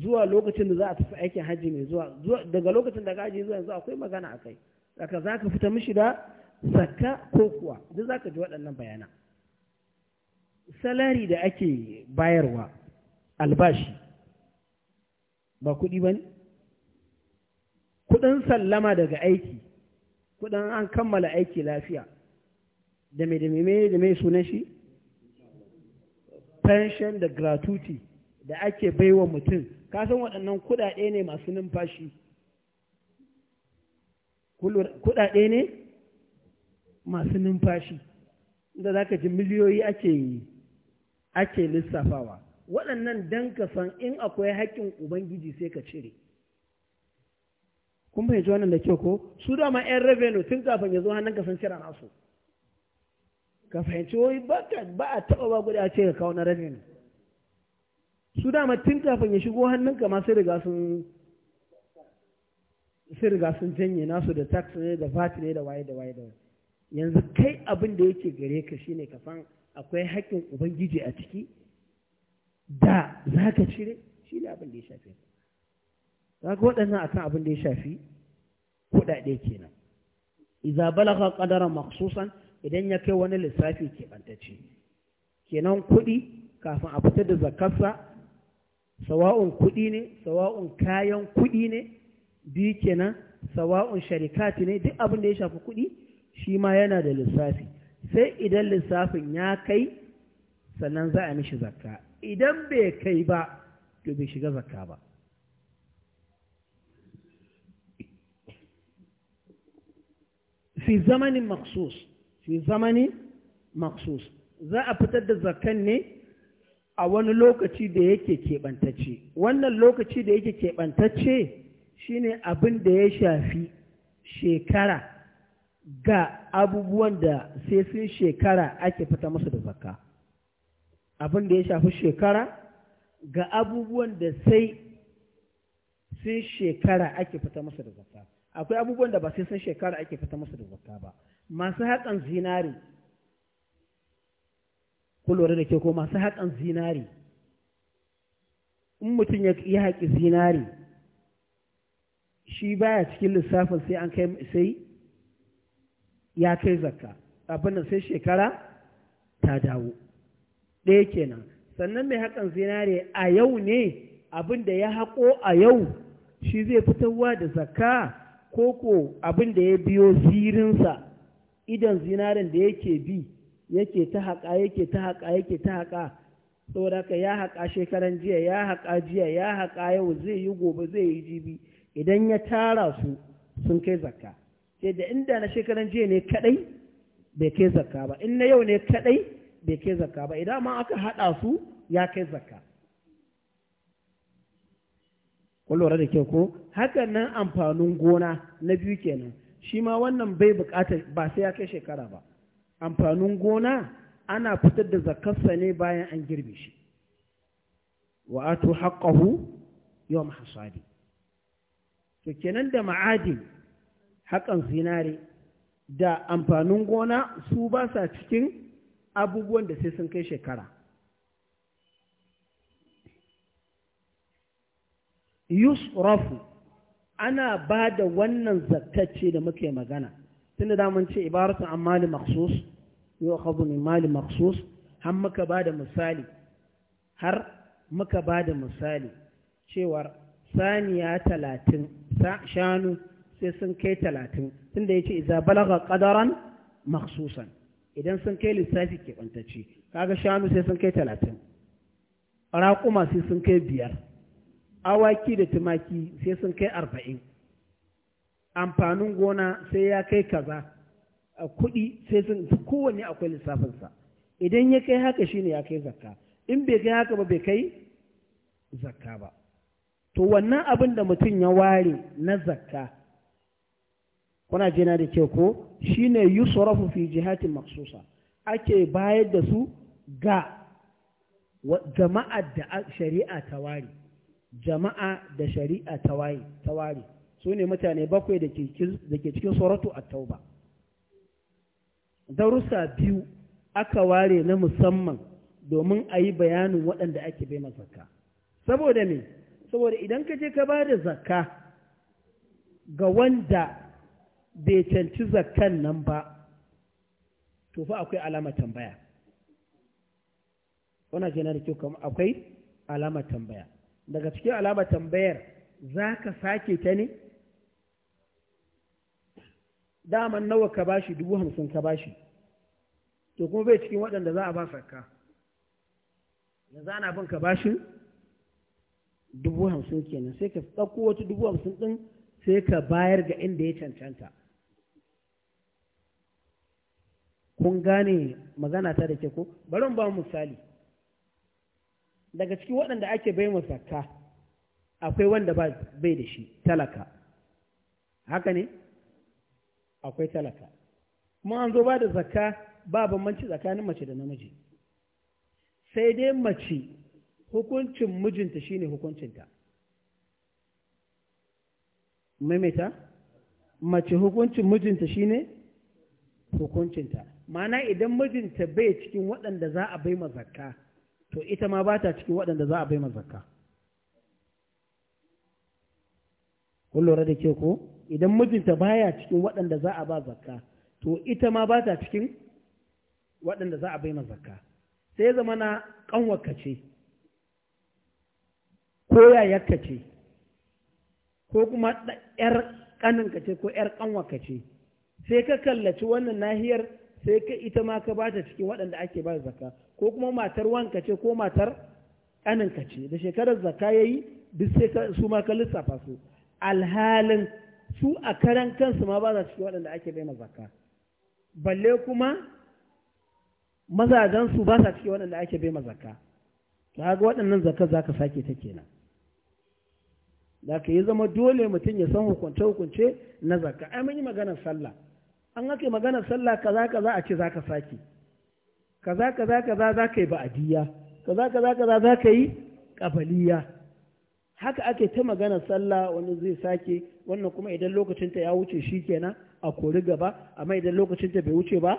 zuwa lokacin da za a tafi aikin hajji mai zuwa daga lokacin da ka ajiye zuwa yanzu akwai magana a kai daga za ka fita mishi da saka ko kuwa duk za ka ji waɗannan bayana. salari da ake bayarwa albashi ba kuɗi ba ne kuɗin sallama daga aiki kuɗin an kammala aiki lafiya da mai da mai da mai sunan shi pension da gratuity da ake baiwa mutum kasan waɗannan kuɗaɗe ne masu numfashi kuɗaɗe ne masu numfashi inda za ka ji miliyoyi ake yi ake lissafawa waɗannan don ka san in akwai haƙƙin ubangiji sai ka cire kun fahimci wannan da kyau ko su dama 'yan revenue tun kafin ya zo hannun ka san cira nasu ka fahimci wai ba a taɓa ba guda ce ka kawo na rajin su dama tun kafin ya shigo hannun ma sai riga sun sai riga sun janye nasu da tax ne da VAT ne da waye da waye da waye yanzu kai abin da yake gare ka shine ka san akwai haƙƙin ubangiji a ciki da za ka cire shi ne abin da ya Za ka ga waɗannan akan abin da ya shafi kuɗaɗe kenan idza balagha qadara makhsusan idan ya kai wani lissafi keɓantacce kenan kuɗi kafin a fita da zakarsa sawa'un kuɗi ne sawa'un kayan kuɗi ne biyu kenan sawa'un sharikati ne duk abin da ya shafi kuɗi shi ma yana da lissafi sai idan lissafin ya kai sannan za a mishi zakka idan bai kai ba to bai shiga zakka ba fi zamanin maksus fi zamani maksus za a fitar da zakan ne a wani lokaci da yake keɓantacce wannan lokaci da yake keɓantacce shine abin da ya shafi shekara ga abubuwan da sai sun shekara ake fita musu da zakka abin da ya shafi shekara ga abubuwan da sai sun shekara ake fita musu da zakka akwai abubuwan da ba sai sun shekara ake fita masa da zakka ba masu haƙan zinari ku lura da ke ko masu haƙan zinari in mutum ya haƙi zinari shi baya cikin lissafin sai an kai sai ya kai zakka abin da sai shekara ta dawo ɗaya kenan sannan mai haƙan zinari a yau ne abin da ya haƙo a yau shi zai fitarwa da zakka koko abin da ya biyo zirinsa idan zinarin da yake bi yake ta haƙa yake ta haƙa yake ta haƙa saboda ka ya haƙa shekaran jiya ya haƙa jiya ya haƙa yau zai yi gobe zai yi jibi idan ya tara su sun kai zakka sai da inda na shekaran jiya ne kadai bai kai zakka ba in na yau ne kadai bai kai zakka ba idan ma aka haɗa su ya kai zakka kun lura da kyau ko hakan nan amfanin gona na biyu kenan shi ma wannan bai buƙatar ba sai ya kai shekara ba amfanin gona ana fitar da zakarsa ne bayan an girbe shi wa atu haqqahu yawm hasadi to kenan da ma'adin hakan zinare da amfanin gona su ba sa cikin abubuwan da sai sun kai shekara yusrafu ana ba da wannan zakkacce da muke magana tun da mun ce ibaratun an mali maksus yau haɗu ne mali maksus har muka ba da misali har muka ba da misali cewar saniya talatin shanu sai sun kai talatin tun da ya ce iza balaga ƙadaran maksusan idan sun kai lissafi ke keɓantacce kaga shanu sai sun kai talatin raƙuma sai sun kai biyar awaki da tumaki sai sun kai arba'in amfanin gona sai ya kai kaza a kuɗi sai sun kowanne akwai lissafinsa idan ya kai haka shine ya kai zakka in bai kai haka ba bai kai zakka ba to wannan abin da mutum ya ware na zakka kuna jina da ke ko shine yusrafu fi jihatin maksusa ake bayar da su ga jama'ar da shari'a ta ware jama'a da shari'a ta ware su ne mutane bakwai da ke cikin suratu a tauba darussa biyu aka ware na musamman domin a yi bayanin waɗanda ake bai zakka saboda me saboda idan ka je ka ba da zakka ga wanda bai canci zakkan nan ba to fa akwai alama tambaya Wana kenan da kyau akwai alama tambaya daga cikin alama tambayar za ka sake ta ne daman nawa ka bashi dubu hamsin ka bashi to kuma bai cikin waɗanda za a ba sarka yanzu ana bin ka bashin dubu hamsin kenan sai ka ɗauko wata dubu hamsin ɗin sai ka bayar ga inda ya cancanta kun gane magana ta da ke ko bari ba misali daga cikin waɗanda ake bai mu zakka akwai wanda ba bai da shi talaka haka ne akwai talaka kuma an zo ba da zakka ba bambanci tsakanin mace da namiji sai dai mace hukuncin mijinta shine hukuncinta maimaita mace hukuncin mijinta shine hukuncinta ma'ana idan mijinta bai cikin waɗanda za a bai ma zakka to ita ma ba ta cikin waɗanda za a bai ma zakka kun lura da ke ko idan mijinta baya cikin waɗanda za a ba zakka to ita ma ba ta cikin waɗanda za a bai ma zakka sai zama na ƙanwarka ce ko yayarka ce ko kuma ‘yar ƙaninka ce ko ‘yar ƙanwarka ce sai ka kallaci wannan nahiyar sai ka ita ma ka ba ta cikin waɗanda ake ba zakka ko kuma matar wanka ce ko matar ƙaninka ce da shekarar ya yi duk sai su ma ka lissafa su alhalin su a karan kansu ma ba za su waɗanda ake bai zaka balle kuma su ba sa cikin waɗanda ake bai zakka ta ga waɗannan zakar za ka sake ta kenan da ka yi zama dole mutum ya san hukunce-hukunce na zaka ai mun yi maganar sallah an haka maganar sallah kaza kaza a ce za ka sake kaza kaza kaza za ka yi ba'adiyya kaza kaza kaza za ka yi ƙabaliya haka ake ta magana sallah wani zai sake wannan kuma idan lokacinta ya wuce shi kenan a kori gaba amma idan lokacinta bai wuce ba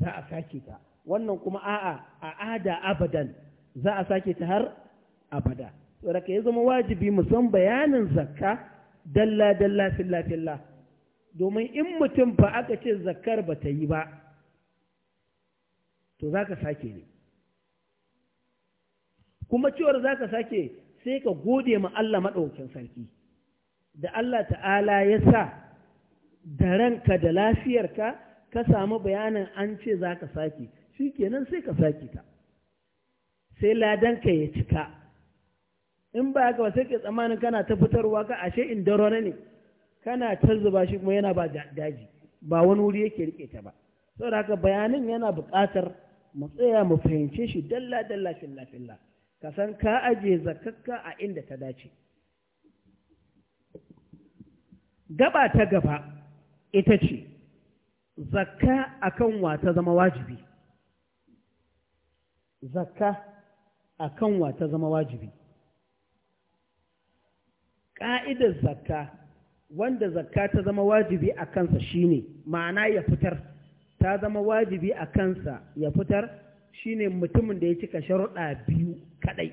za a sake ta wannan kuma a'a a ada abadan za a sake ta har abada saboda ya zama wajibi mu san bayanin zakka dalla dalla filla filla domin in mutum ba aka ce zakkar ba ta yi ba to za ka sake ne kuma cewar za ka sake sai ka gode ma Allah maɗaukin sarki da Allah ta'ala ya sa da ranka da lafiyarka ka samu bayanin an ce za ka sake shi kenan sai ka sake ka sai ladanka ya cika in ba ka ba sai ke tsammanin kana ta fitarwa ka ashe in daro ne kana ta zuba shi kuma yana ba daji ba wani wuri yake rike ta ba saboda haka bayanin yana buƙatar mu tsaya mu fahimce shi dalla dalla filla filla ka san ka aje zakakka a inda ta dace gaba ta gaba ita ce zakka akan wa ta zama wajibi zakka akan wa ta zama wajibi ƙa'idar zakka wanda zakka ta zama wajibi a kansa shine ma'ana ya fitar ta zama wajibi a kansa ya fitar shi ne mutumin da ya cika sharuɗa biyu kaɗai.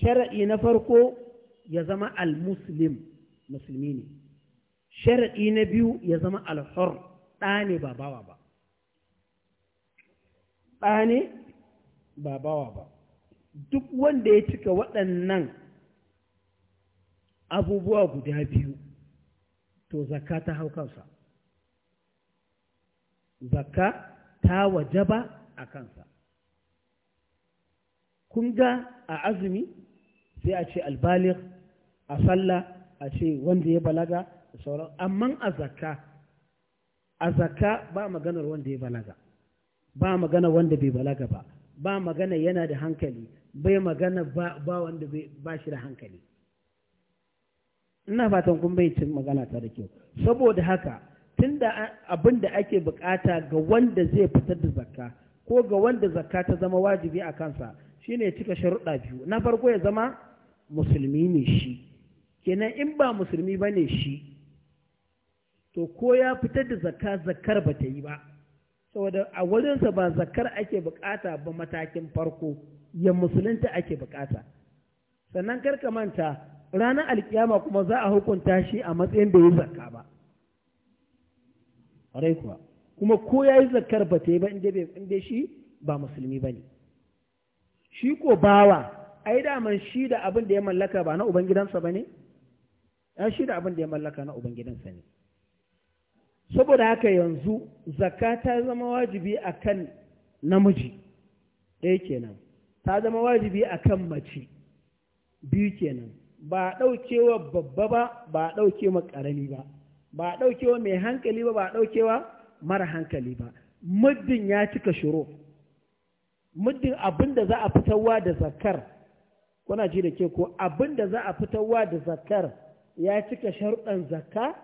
Sharaɗi na farko ya zama al-Muslim, musulmi ne. Sharaɗi na biyu ya zama al-Hur, ɗa ne ba bawa ba. Ɗa ne ba bawa ba. Duk wanda ya cika waɗannan abubuwa guda biyu, to zakka ta hau kansa. zakka ta wajaba a kansa kun ga a azumi sai a ce albalir a sallah a ce wanda ya balaga da sauran amma a zakka a zakka ba maganar wanda ya balaga ba magana wanda bai balaga ba ba magana yana da hankali bai magana ba, ba wanda ba shi da hankali ina fatan kun bai cin magana ta da kyau saboda haka Tun da abin da ake bukata ga wanda zai fitar da zakka ko ga wanda zakka ta zama wajibi a kansa shine ya cika sharuɗa biyu na farko ya zama musulmi ne shi kenan in ba musulmi ba ne shi to ko ya fitar da zakka zakkar ba ta yi ba saboda a wurinsa ba zakkar ake bukata ba matakin farko ya musulunta ake bukata sannan karka manta ranar alkiyama kuma za a hukunta shi a matsayin da ya zakka ba ƙwarai kuwa kuma ko ya yi zakar ba ta yi ba inda shi ba musulmi ba ne shi ko bawa ai daman shi da abin da ya mallaka ba na ubangidansa ba ne ya shi da abin da ya mallaka na ubangidansa ne saboda haka yanzu zakka ta zama wajibi a kan namiji ɗaya kenan ta zama wajibi a kan mace biyu kenan ba a wa babba ba ba a wa ƙarami ba ba a ɗaukewa mai hankali ba ba a ɗaukewa mara hankali ba muddin ya cika shiro muddin abin da za a fitarwa da zakar kuna ji da ke ko abin da za a fitarwa da zakar ya cika sharuɗan zakka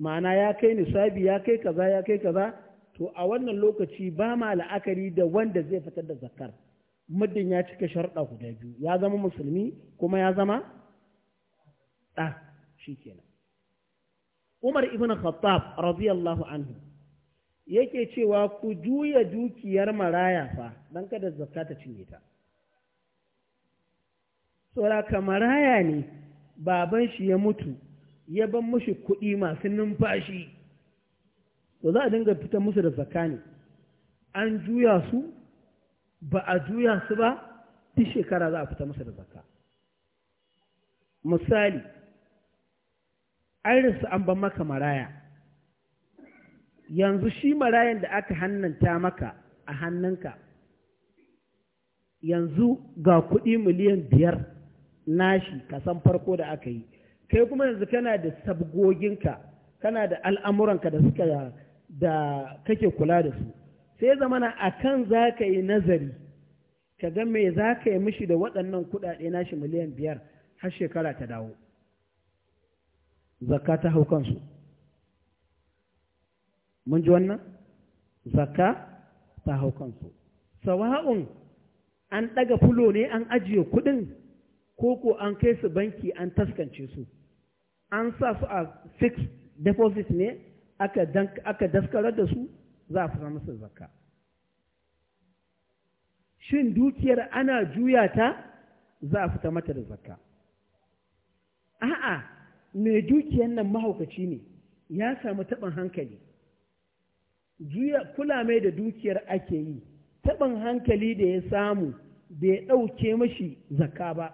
ma'ana ya kai nisabi ya kai kaza ya kai kaza to a wannan lokaci ba ma la'akari da wanda zai fitar da zakar muddin ya cika sharuɗa guda biyu ya zama musulmi kuma ya zama ɗa shi kenan Umar ibn Khattab radiyallahu anhu yake cewa ku juya dukiyar maraya fa don kada zakka ta cinye ta. Sauraka maraya ne baban shi ya mutu ya ban mushi kuɗi masu numfashi to za a dinga fita musu da zakka ne an juya su ba a juya su ba duk shekara za a fita musu da zakka misali an an ban maka maraya yanzu shi marayan da aka hannanta maka a hannunka yanzu ga kuɗi miliyan biyar nashi kasan farko da aka yi kai kuma yanzu kana da sabgoginka kana da al'amuranka da suka da kake kula da su sai zamana a kan za ka yi nazari ka ga me za ka yi mishi da waɗannan kuɗaɗe nashi miliyan biyar har shekara ta dawo zakka ta hau kansu mun ji wannan zakka ta hau kansu sawa'un an ɗaga fulo ne an ajiye kuɗin ko ko an kai su banki an taskance su an sa su a fixed deposit ne aka daskarar da su za a fara masu zakka shin dukiyar ana juya ta za a fita mata da zakka a'a mai dukiyan nan mahaukaci ne ya samu taɓin hankali juya kula mai da dukiyar ake yi taɓin hankali da ya samu bai ɗauke mashi zaka ba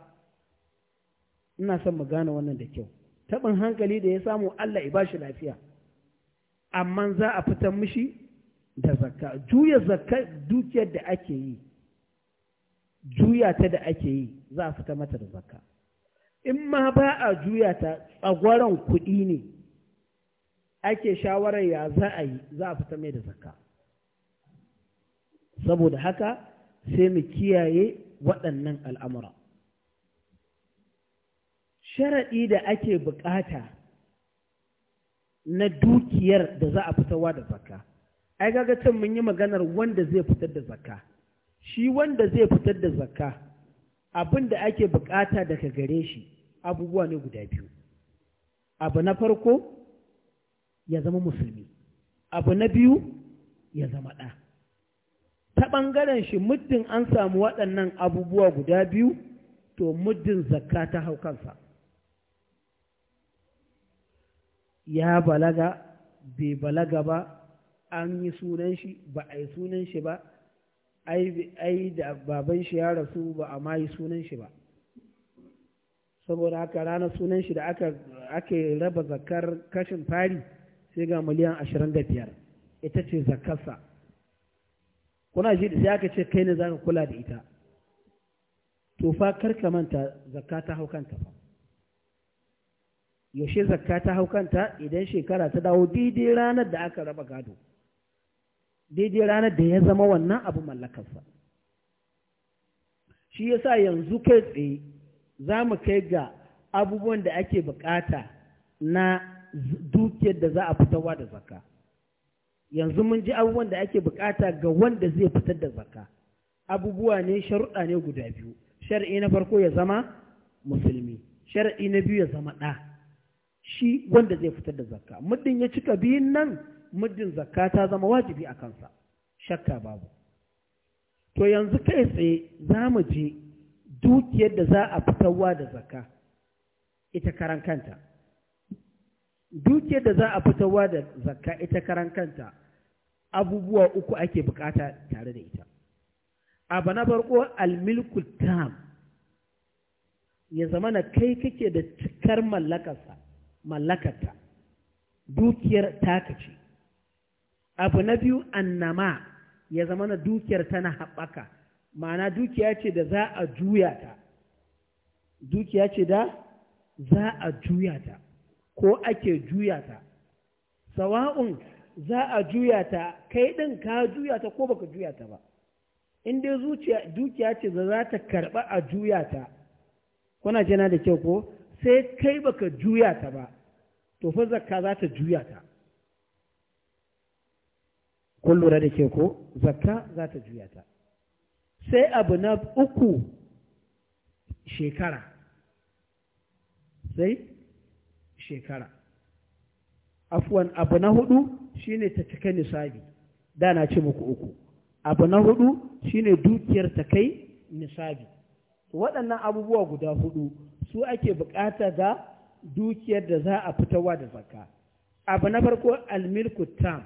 ina son mu gane wannan da kyau taɓin hankali da ya samu Allah ya bashi lafiya amma za a fitar mashi da zakka juya zakka dukiyar da ake yi juya ta da ake yi za a fita mata da zakka in ma ba a juya ta tsagwaron kuɗi ne ake shawarar ya za a yi za a fita mai da zakka saboda haka sai mu kiyaye waɗannan al'amura sharaɗi da ake buƙata na dukiyar da za a fitarwa da zakka ai ga mun yi maganar wanda zai fitar da zakka shi wanda zai fitar da zakka abin da ake buƙata daga gare shi abubuwa ne guda biyu abu na farko ya zama musulmi abu na biyu ya zama ɗa ta ɓangaren shi muddin an samu waɗannan abubuwa guda biyu to muddin zakka ta hau kansa ya balaga bai balaga ba an yi sunan shi ba a yi sunan shi ba ai da baban shi ya rasu ba a ma yi sunan shi ba saboda haka ranar sunan shi da aka ake raba zakar kashin fari sai ga miliyan ashirin da biyar ita ce zakarsa kuna shi sai aka ce kai ne za ka kula da ita to fa karka manta zakka ta hau kanta fa yaushe zakka ta hau kanta idan shekara ta dawo daidai ranar da aka raba gado daidai ranar da ya zama wannan abu mallakarsa shi yasa yanzu kai tsaye za mu kai ga abubuwan da ake bukata na dukiyar da za a fitarwa da zaka yanzu mun ji abubuwan da ake bukata ga wanda zai fitar da zaka abubuwa ne sharuɗa ne guda biyu shar'i na farko ya zama musulmi shar'i na biyu ya zama ɗa shi wanda zai fitar da zaka muddin ya cika biyun nan muddin zakka ta zama wajibi a kansa shakka babu to yanzu kai tsaye za mu je dukiyar da za a fitarwa da zaka ita karan kanta dukiyar da za a fitarwa da zakka ita karan kanta abubuwa uku ake bukata tare da ita abu na farko almilku tam ya zama na kai kake da cikar mallakarsa mallakarta dukiyar taka ce abu na biyu annama ya zama na dukiyar tana haɓaka ma'ana dukiya ce da za a juya ta dukiya ce da za a juya ta ko ake juya ta sawa'un za a juya ta kai ɗin ka juya ta ko baka juya ta ba in dai dukiya ce da za ta karɓa a juya ta kuna jana da kyau ko sai kai baka juya ta ba to fa zakka za ta juya ta kun lura da ke ko zakka za ta juya ta sai abu na uku shekara sai shekara afwan abu na hudu shine ta cika nisabi da na ce muku uku abu na hudu shine dukiyar ta kai nisabi waɗannan abubuwa guda hudu su ake bukata ga dukiyar da za a fitowa da zakka abu na farko almilku tam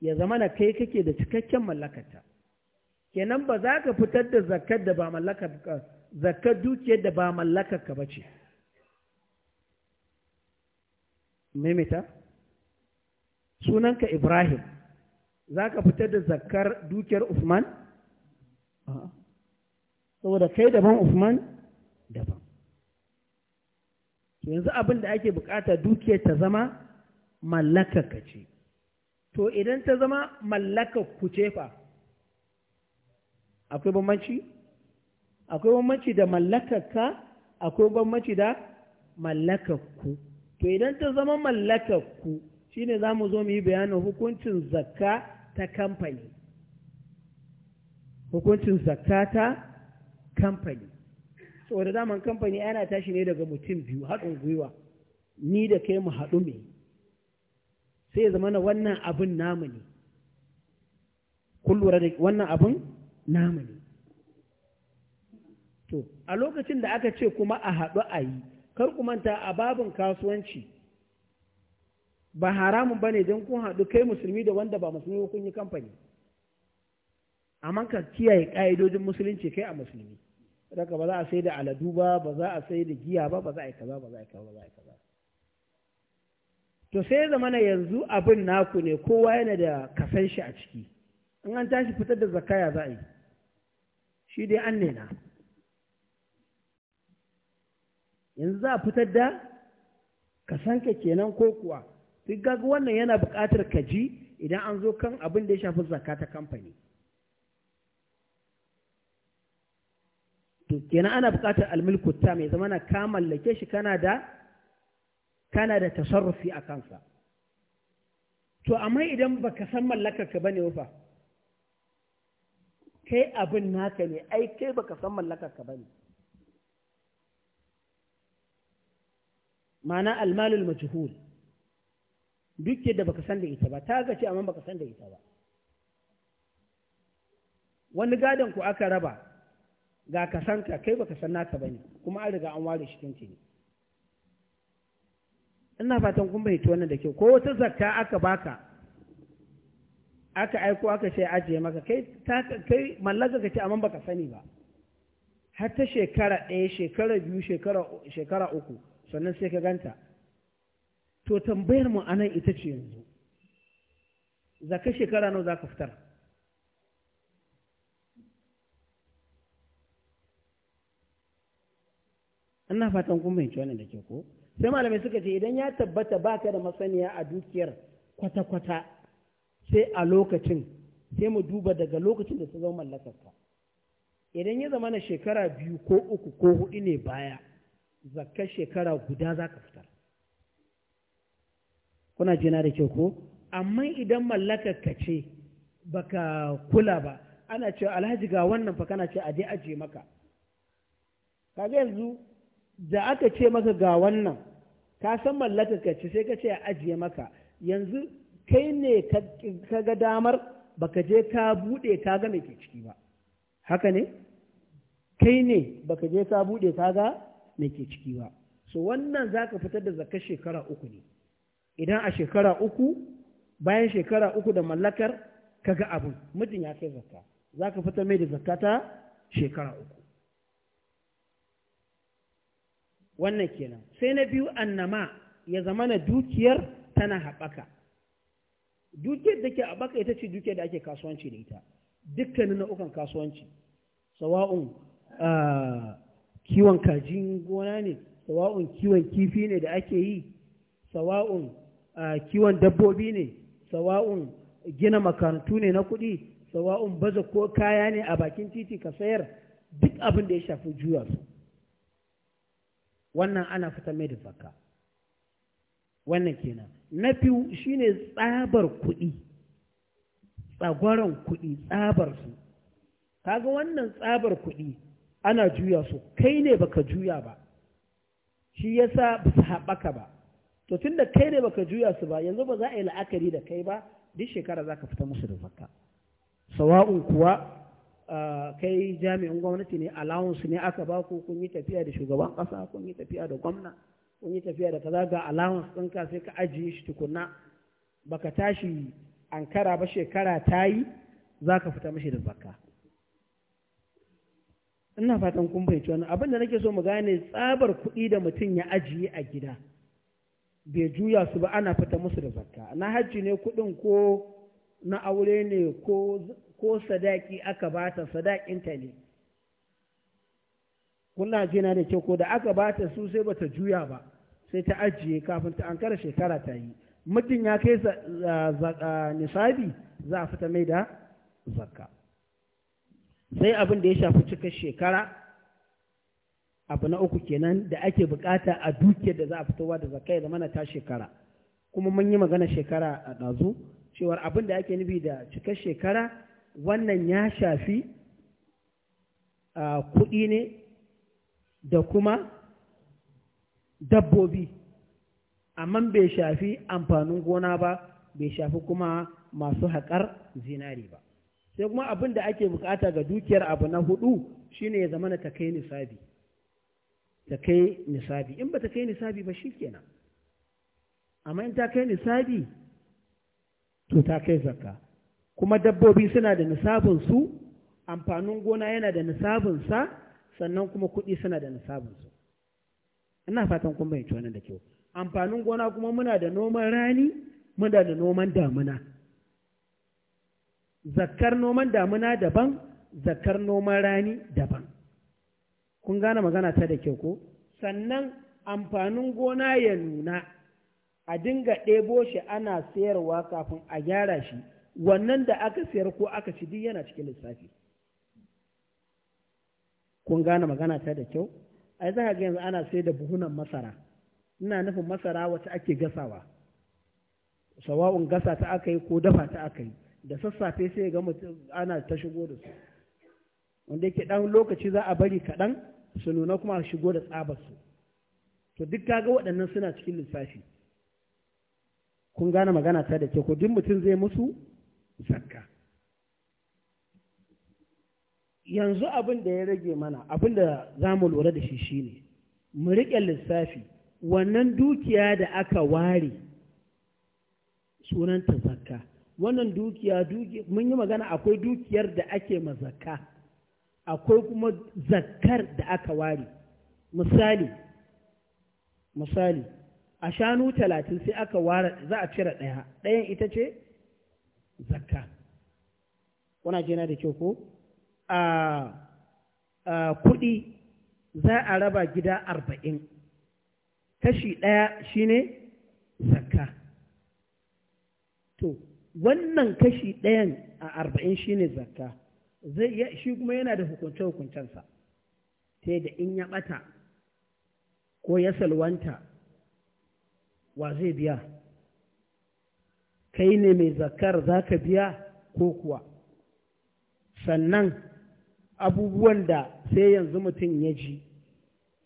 ya zama na kai kake da cikakken mallakata kenan ba za ka fitar da zakar da ba mallaka zakar dukiyar da ba mallaka ka bace maimaita sunanka ibrahim za ka fitar da zakar dukiyar usman saboda kai daban usman daban yanzu abin da ake bukata dukiyar ta zama mallaka ka ce to idan ta zama mallaka ku ce fa akwai bambanci akwai bambanci da mallakarka akwai bambanci da mallakarku to idan ta zama mallakarku shine za mu zo mu yi bayanin hukuncin zakka ta kamfani hukuncin zakka ta kamfani saboda daman kamfani ana tashi ne daga mutum biyu haɗin gwiwa ni da kai mu haɗu me sai ya zama na wannan abin namu ne kun lura da wannan abin nama ne to a lokacin da aka ce kuma a haɗu a yi kar ku manta a babin kasuwanci ba haramun ba ne don kun haɗu kai musulmi da wanda ba musulmi kun yi kamfani amma ka kiyaye ƙa'idojin musulunci kai a musulmi daga ba za a sai da aladu ba ba za a sai da giya ba ba za a yi kaza ba za a yi kaza ba za a yi kaza to sai zamana yanzu abin naku ne kowa yana da kasan shi a ciki in an tashi fitar da zakaya za a yi shi dai an nena yanzu za a fitar da ka sanka kenan ko kuwa duk gaga wannan yana buƙatar ka ji idan an zo kan abin da ya shafi zaka ta kamfani to kenan ana buƙatar almulku ta mai zama na ka mallake shi kana da kana da tasarrufi a kansa to amma idan baka san mallakar ka bane fa kai abin naka ne ai kai baka san mallakar ka bane ma'ana almalul majhul duk da baka san da ita ba ta gace amma baka san da ita ba wani gadon ku aka raba ga ka san ka kai baka san naka bane kuma an riga an ware shi tunci ne ina fatan kun bai wannan da kyau ko wata zakka aka baka aka aiko aka ce ajiye maka kai kai mallaka ka amma baka sani ba har ta shekara ɗaya shekara biyu shekara uku sannan sai ka ganta to tambayar mu anan ita ce yanzu zaka shekara nawa zaka fitar ina fatan kun fahimci wannan da ke ko sai malamai suka ce idan ya tabbata baka da masaniya a dukiyar kwata-kwata sai a lokacin sai mu duba daga lokacin da ta zama mallakarka idan ya zama na shekara biyu ko uku ko hudu ne baya zakka shekara guda za ka fitar kuna jina da kyau ko amma idan mallakarka ce baka kula ba ana ce alhaji ga wannan fa kana ce aje aje maka kaga yanzu da aka ce maka ga wannan ka san mallakarka ce sai ka ce ajiye maka yanzu kai ne ka ga damar baka je ka buɗe ka ga mai ke ciki ba haka ne kai ne baka je ka buɗe ka ga mai ke ciki ba so wannan za ka fitar da zakar shekara uku ne idan a shekara uku bayan shekara uku da mallakar ka ga abin mijin ya kai zakka za ka fitar mai da zakka ta shekara uku wannan kenan sai na biyu annama ya zama na dukiyar tana haɓaka dukiyar da ke a baka ita ce dukiyar da ake kasuwanci da ita dukkanin nau'ukan kasuwanci sawa'un kiwon kajin gona ne sawa'un kiwon kifi ne da ake yi sawa'un kiwon dabbobi ne sawa'un gina makarantu ne na kuɗi sawa'un baza ko kaya ne a bakin titi ka sayar duk abin da ya shafi juya wannan ana fitar mai da zakka wannan kenan na biyu shine tsabar kuɗi tsagwaron kuɗi tsabar su kaga wannan tsabar kuɗi ana juya su kai ne baka juya ba shi yasa ba su haɓaka ba to tunda kai ne baka juya su ba yanzu ba za a yi la'akari da kai ba duk shekara za ka fita musu da zakka sawa'un kuwa kai jami'in gwamnati ne allowance ne aka baku kun yi tafiya da shugaban ƙasa kun yi tafiya da gwamna kun yi tafiya da kaza ga allowance ɗinka sai ka ajiye shi tukunna baka tashi ankara ba shekara ta yi za ka fita mashi da zakka ina fatan kun fahimci wannan abin da nake so mu gane tsabar kuɗi da mutum ya ajiye a gida bai juya su ba ana fita musu da zakka na hajji ne kuɗin ko na aure ne ko sadaki aka bata sadakinta ne kuna jina da ke ko da aka bata su sai bata juya ba sai ta ajiye kafin ta ankara shekara ta yi muddin ya kai nisabi za a fita mai da zakka sai abin da ya shafi cikin shekara abu na uku kenan da ake bukata a dukiyar da za a fitowa da zakka ya zama ta shekara kuma mun yi magana shekara a ɗazu cewar abin da ake nufi da cikin shekara wannan ya shafi kuɗi ne da kuma dabbobi amma bai shafi amfanin gona ba bai shafi kuma masu haƙar zinari ba sai kuma abin da ake bukata ga dukiyar abu na hudu shine ya zama ta kai nisabi ta kai nisabi in ba ta kai nisabi ba shikenan amma in ta kai nisabi to ta kai zakka kuma dabbobi suna da nisabin su amfanin gona yana da nisabin sa sannan kuma kuɗi suna da nisabin su ina fatan kun bai wannan da kyau amfanin gona kuma muna da noman rani muna da noman damuna zakkar noman damuna daban zakkar noman rani daban kun gane magana ta da kyau ko sannan amfanin gona ya nuna a dinga ɗebo shi ana sayarwa kafin a gyara shi wannan da aka sayar ko aka ci duk yana cikin lissafi kun gane magana ta da kyau ai za ka ga yanzu ana sai da buhunan masara ina nufin masara wacce ake gasawa sawa'un gasa ta aka yi ko dafa ta aka yi da sassafe sai ga mutum ana ta shigo da su wanda yake ɗan lokaci za a bari kaɗan su nuna kuma a shigo da tsabar su to duk ga waɗannan suna cikin lissafi kun gane magana ta da ke ko duk mutum zai musu zakka yanzu abin da ya rage mana abin da za mu lura da shi shi ne. mu riƙe lissafi wannan dukiya da aka ware sunanta zakka wannan dukiya mun yi magana akwai dukiyar da ake mazaka, akwai kuma zakkar da aka ware misali misali a shanu talatin sai aka ware za a cire ɗaya ɗayan ita ce zakka kuna jina da kyau ko kuɗi za a raba gida arba'in kashi ɗaya shi ne zakka to wannan kashi ɗayan a arba'in shi ne zakka zai shi kuma yana da hukunce-hukuncensa ta da in ya ɓata ko ya salwanta wa zai biya kai ne mai zakkar za ka biya ko kuwa sannan abubuwan da sai yanzu mutum ya ji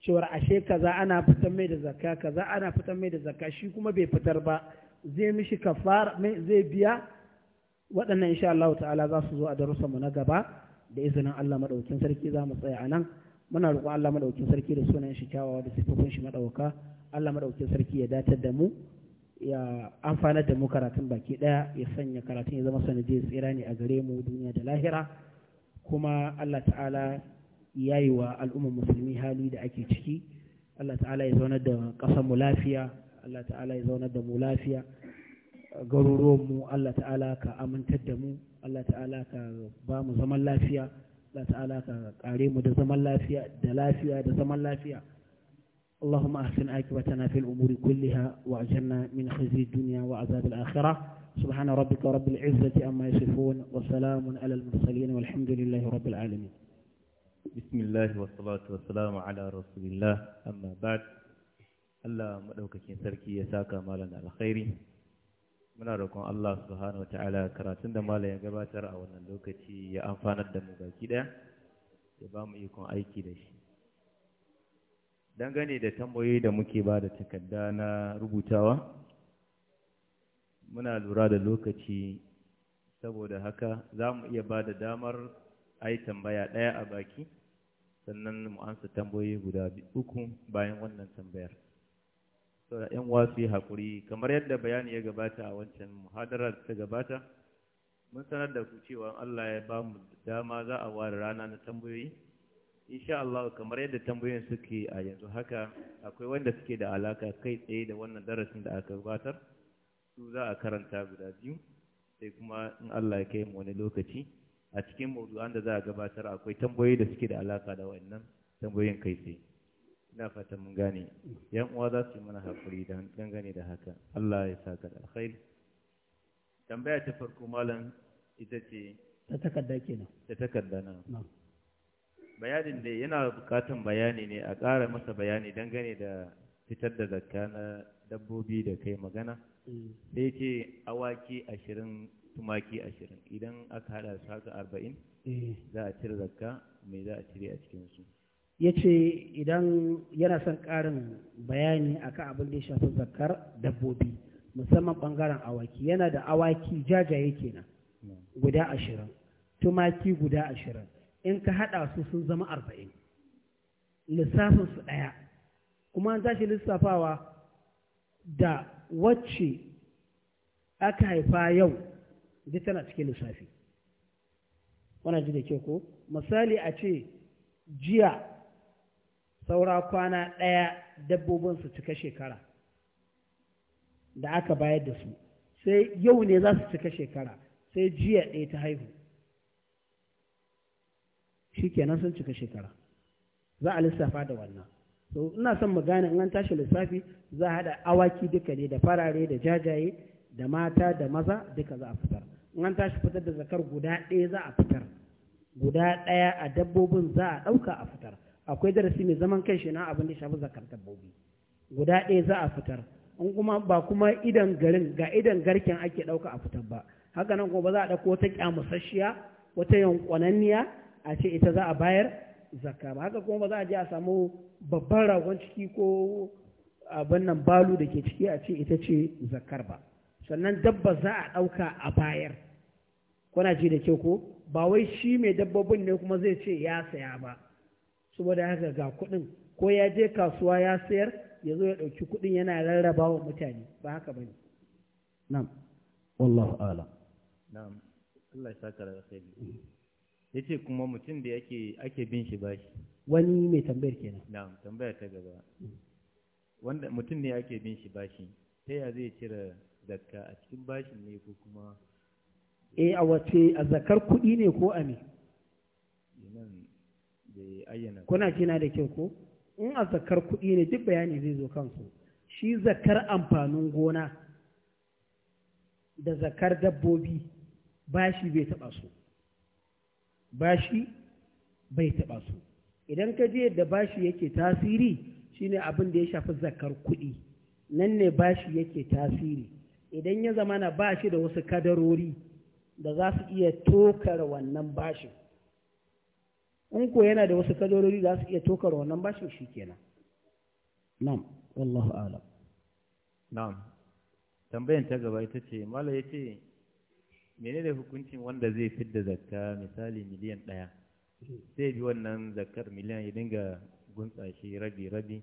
cewar ashe kaza ana fitar mai da zakka kaza ana fitar mai da zakka shi kuma bai fitar ba zai mishi kafara zai biya waɗannan insha Allah ta'ala za su zo a mu na gaba da izinin Allah madaukakin sarki za mu tsaya anan muna roƙon Allah madaukakin sarki da sunan shi kyawawa da sifofin shi madauka Allah madaukakin sarki ya datar da mu ya amfana da mu karatun baki daya ya sanya karatun ya zama sanadiyar tsira ne a gare mu duniya da lahira kuma Allah ta'ala ya yi wa al'ummar musulmi hali da ake ciki Allah ta'ala ya zaunar da ƙasar mu lafiya Allah ta'ala ya zaunar da mu lafiya garuruwan Allah ta'ala ka amintar da mu Allah ta'ala ka ba mu zaman lafiya Allah ta'ala ka ƙare mu da zaman lafiya da lafiya da zaman lafiya اللهم أحسن عاقبتنا في الأمور كلها وأجرنا من خزي الدنيا وعذاب الآخرة سبحان ربك رب العزة أما يصفون وسلام على المرسلين والحمد لله رب العالمين بسم الله والصلاة والسلام على رسول الله أما بعد Allah maɗaukakin sarki ya saka malam alkhairi muna roƙon Allah subhanahu wataala karatun da malam ya gabatar a wannan lokaci ya amfanar da mu baki ɗaya ya ba mu ikon aiki da shi dangane da tambayoyi da muke ba da takarda na rubutawa muna lura da lokaci saboda haka za mu iya ba da damar a yi tambaya ɗaya a baki sannan mu ansa tambayoyi guda uku bayan wannan tambayar. saboda ‘yan wasu yi haƙuri kamar yadda bayani ya gabata a wancan muhadarar ta gabata mun sanar da ku cewa Allah ya ba mu dama za a ware rana na tambayoyi insha Allah kamar yadda tambayoyin suke a yanzu haka akwai wanda suke da alaka kai tsaye da wannan darasin da aka gabatar su za a karanta guda biyu sai kuma in Allah ya kai wani lokaci a cikin mawdu'an da za a gabatar akwai tambayoyi da suke da alaka da wannan tambayoyin kai sai ina fata mun gane yan uwa za su yi mana hakuri da gane da haka Allah ya saka da alkhairi tambaya ta farko malam ita ce ta takarda kenan ta takarda na bayanin da yana bukatan bayani ne a ƙara masa bayani dangane da fitar da zakka na dabbobi da kai magana da yake ce awaki ashirin tumaki ashirin idan aka hada su haka arba'in eh. za a cire zakka mai za a cire a cikinsu ya ce idan yana son ƙarin bayani akan abin da ya shafi zakkar dabbobi musamman ɓangaren awaki yana da awaki jajaye kenan guda ashirin tumaki guda ashirin in ka haɗa su sun zama arba'in lissafinsu ɗaya kuma an tashi lissafawa da wacce aka haifa yau duk tana cikin lissafi wana ji da ke ko misali a ce jiya saura kwana ɗaya dabbobin su cika shekara da aka bayar da su sai yau ne za su cika shekara sai jiya ɗaya ta haihu shi kenan sun cika shekara za a lissafa da wannan so ina son mu gane in an tashi lissafi za a haɗa awaki duka ne da farare da jajaye da mata da maza duka za a fitar in an tashi fitar da zakar guda ɗaya za a fitar guda ɗaya a dabbobin za a ɗauka a fitar akwai darasi mai zaman kai shi na abin da shafi zakar dabbobi guda ɗaya za a fitar in kuma ba kuma idan garin ga idan garken ake ɗauka a fitar ba haka nan kuma ba za a ɗauko wata ƙyamusasshiya wata yankwananniya a ce ita za a bayar zakka ba haka kuma ba za a je a samu babban ragon ciki ko abin nan balu da ke ciki a ce ita ce zakar ba sannan dabba za a ɗauka a bayar kuna ji da ke ko ba wai shi mai dabbobin ne kuma zai ce ya saya ba saboda haka ga kuɗin ko ya je kasuwa ya sayar ya zo ya ɗauki kuɗin yana rarraba wa mutane ba haka ba ne nam wallahu ala nam Allah ya saka da alkhairi ya ce kuma mutum da yake ake bin shi bashi wani mai tambayar kenan na'am tambayar ta gaba mm. wanda mutum ne ake bin shi bashi ta ya zai cire zakka a cikin bashin ne ko kuma eh a wace a zakar kuɗi ne ko a me kuna jina da kyau ko in a zakar kuɗi ne duk bayani zai zo kansu shi zakar amfanin gona da zakar dabbobi bashi bai taɓa su bashi bai taɓa su idan ka je da bashi yake tasiri shine abin da ya shafi zakar kuɗi nan ne bashi yake tasiri idan ya zama na bashi da wasu kadarori da za su iya tokar wannan bashin in ko yana da wasu kadarori za su iya tokar wannan bashin shi kenan nam wallahu alam nam tambayan ta gaba ita ce mala ya ce menene hukuncin wanda zai fidda zakka misali miliyan ɗaya sai bi wannan zakkar miliyan ya dinga gunsa shi rabi rabi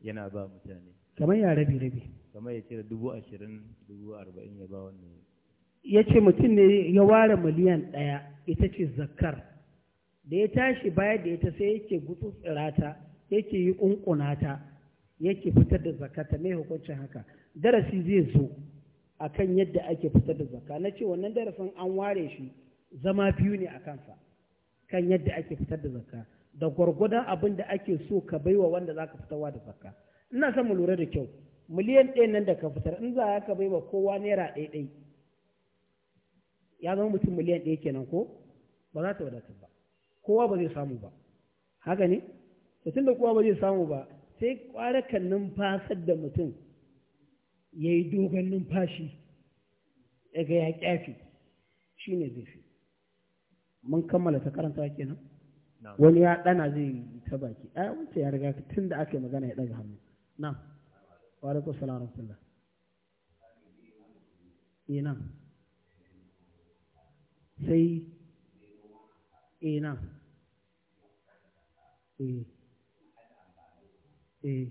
yana ba mutane kamar ya rabi rabi kamar ya cire dubu ashirin dubu arba'in ya ba wannan ya ce mutum ne ya ware miliyan ɗaya ita ce zakkar da ya tashi bayar da ita sai yake gutsu tsirata yake yi ƙunƙunata yake fitar da zakata mai hukuncin haka darasi zai zo akan yadda ake fitar da zakka na ce wannan darasin an ware shi zama biyu ne a kansa kan yadda ake fitar da zakka da gwargwadon abin da ake so ka baiwa wanda za ka fitarwa da zakka ina son mu lura da kyau miliyan ɗaya nan da ka fitar in za ka baiwa kowa naira ɗaiɗai ya zama mutum miliyan ɗaya kenan ko ba za ta wadatar ba kowa ba zai samu ba haka ne da tun da kowa ba zai samu ba sai kwarakan numfasar da mutum ya yi dogon numfashi daga ya kyafi shi ne zai fi mun kammala ta karanta nan wani ya ɗana zai yi ta baki a wuce ya riga tun da aka yi magana ya ɗaga hannu na wa alaikun salam rahmatullah ina eh, sai ina eh, eh eh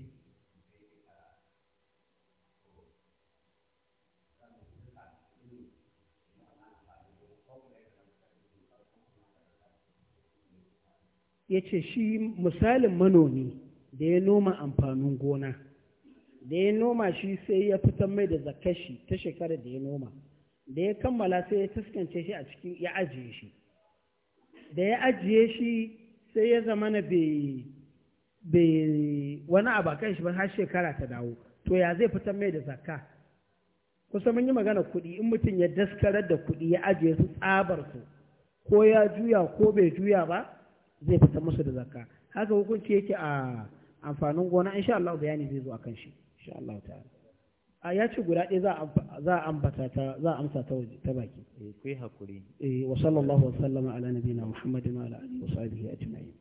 ya ce shi misalin manomi da ya noma amfanin gona da ya noma shi sai ya fitar mai da zakashi ta shekarar da ya noma da ya kammala sai ya taskance shi a cikin ya ajiye shi da ya ajiye shi sai ya zama na bai wani abakan shi ba har shekara ta dawo to ya zai fitar mai da zakka kusa mun yi magana kuɗi in mutum ya daskarar da kuɗi ya ajiye su tsabar su ko ya juya ko bai juya ba zai fitar musu da zakka haka hukunci yake a amfanin gona insha Allah bayani zai zo akan shi insha Allah ta'ala a ya ce guda ɗaya za a ambata ta za a amsa ta waje ta baki eh ku yi hakuri eh wa sallallahu wa sallama ala nabiyina muhammadin wa ala alihi wa sahbihi ajma'in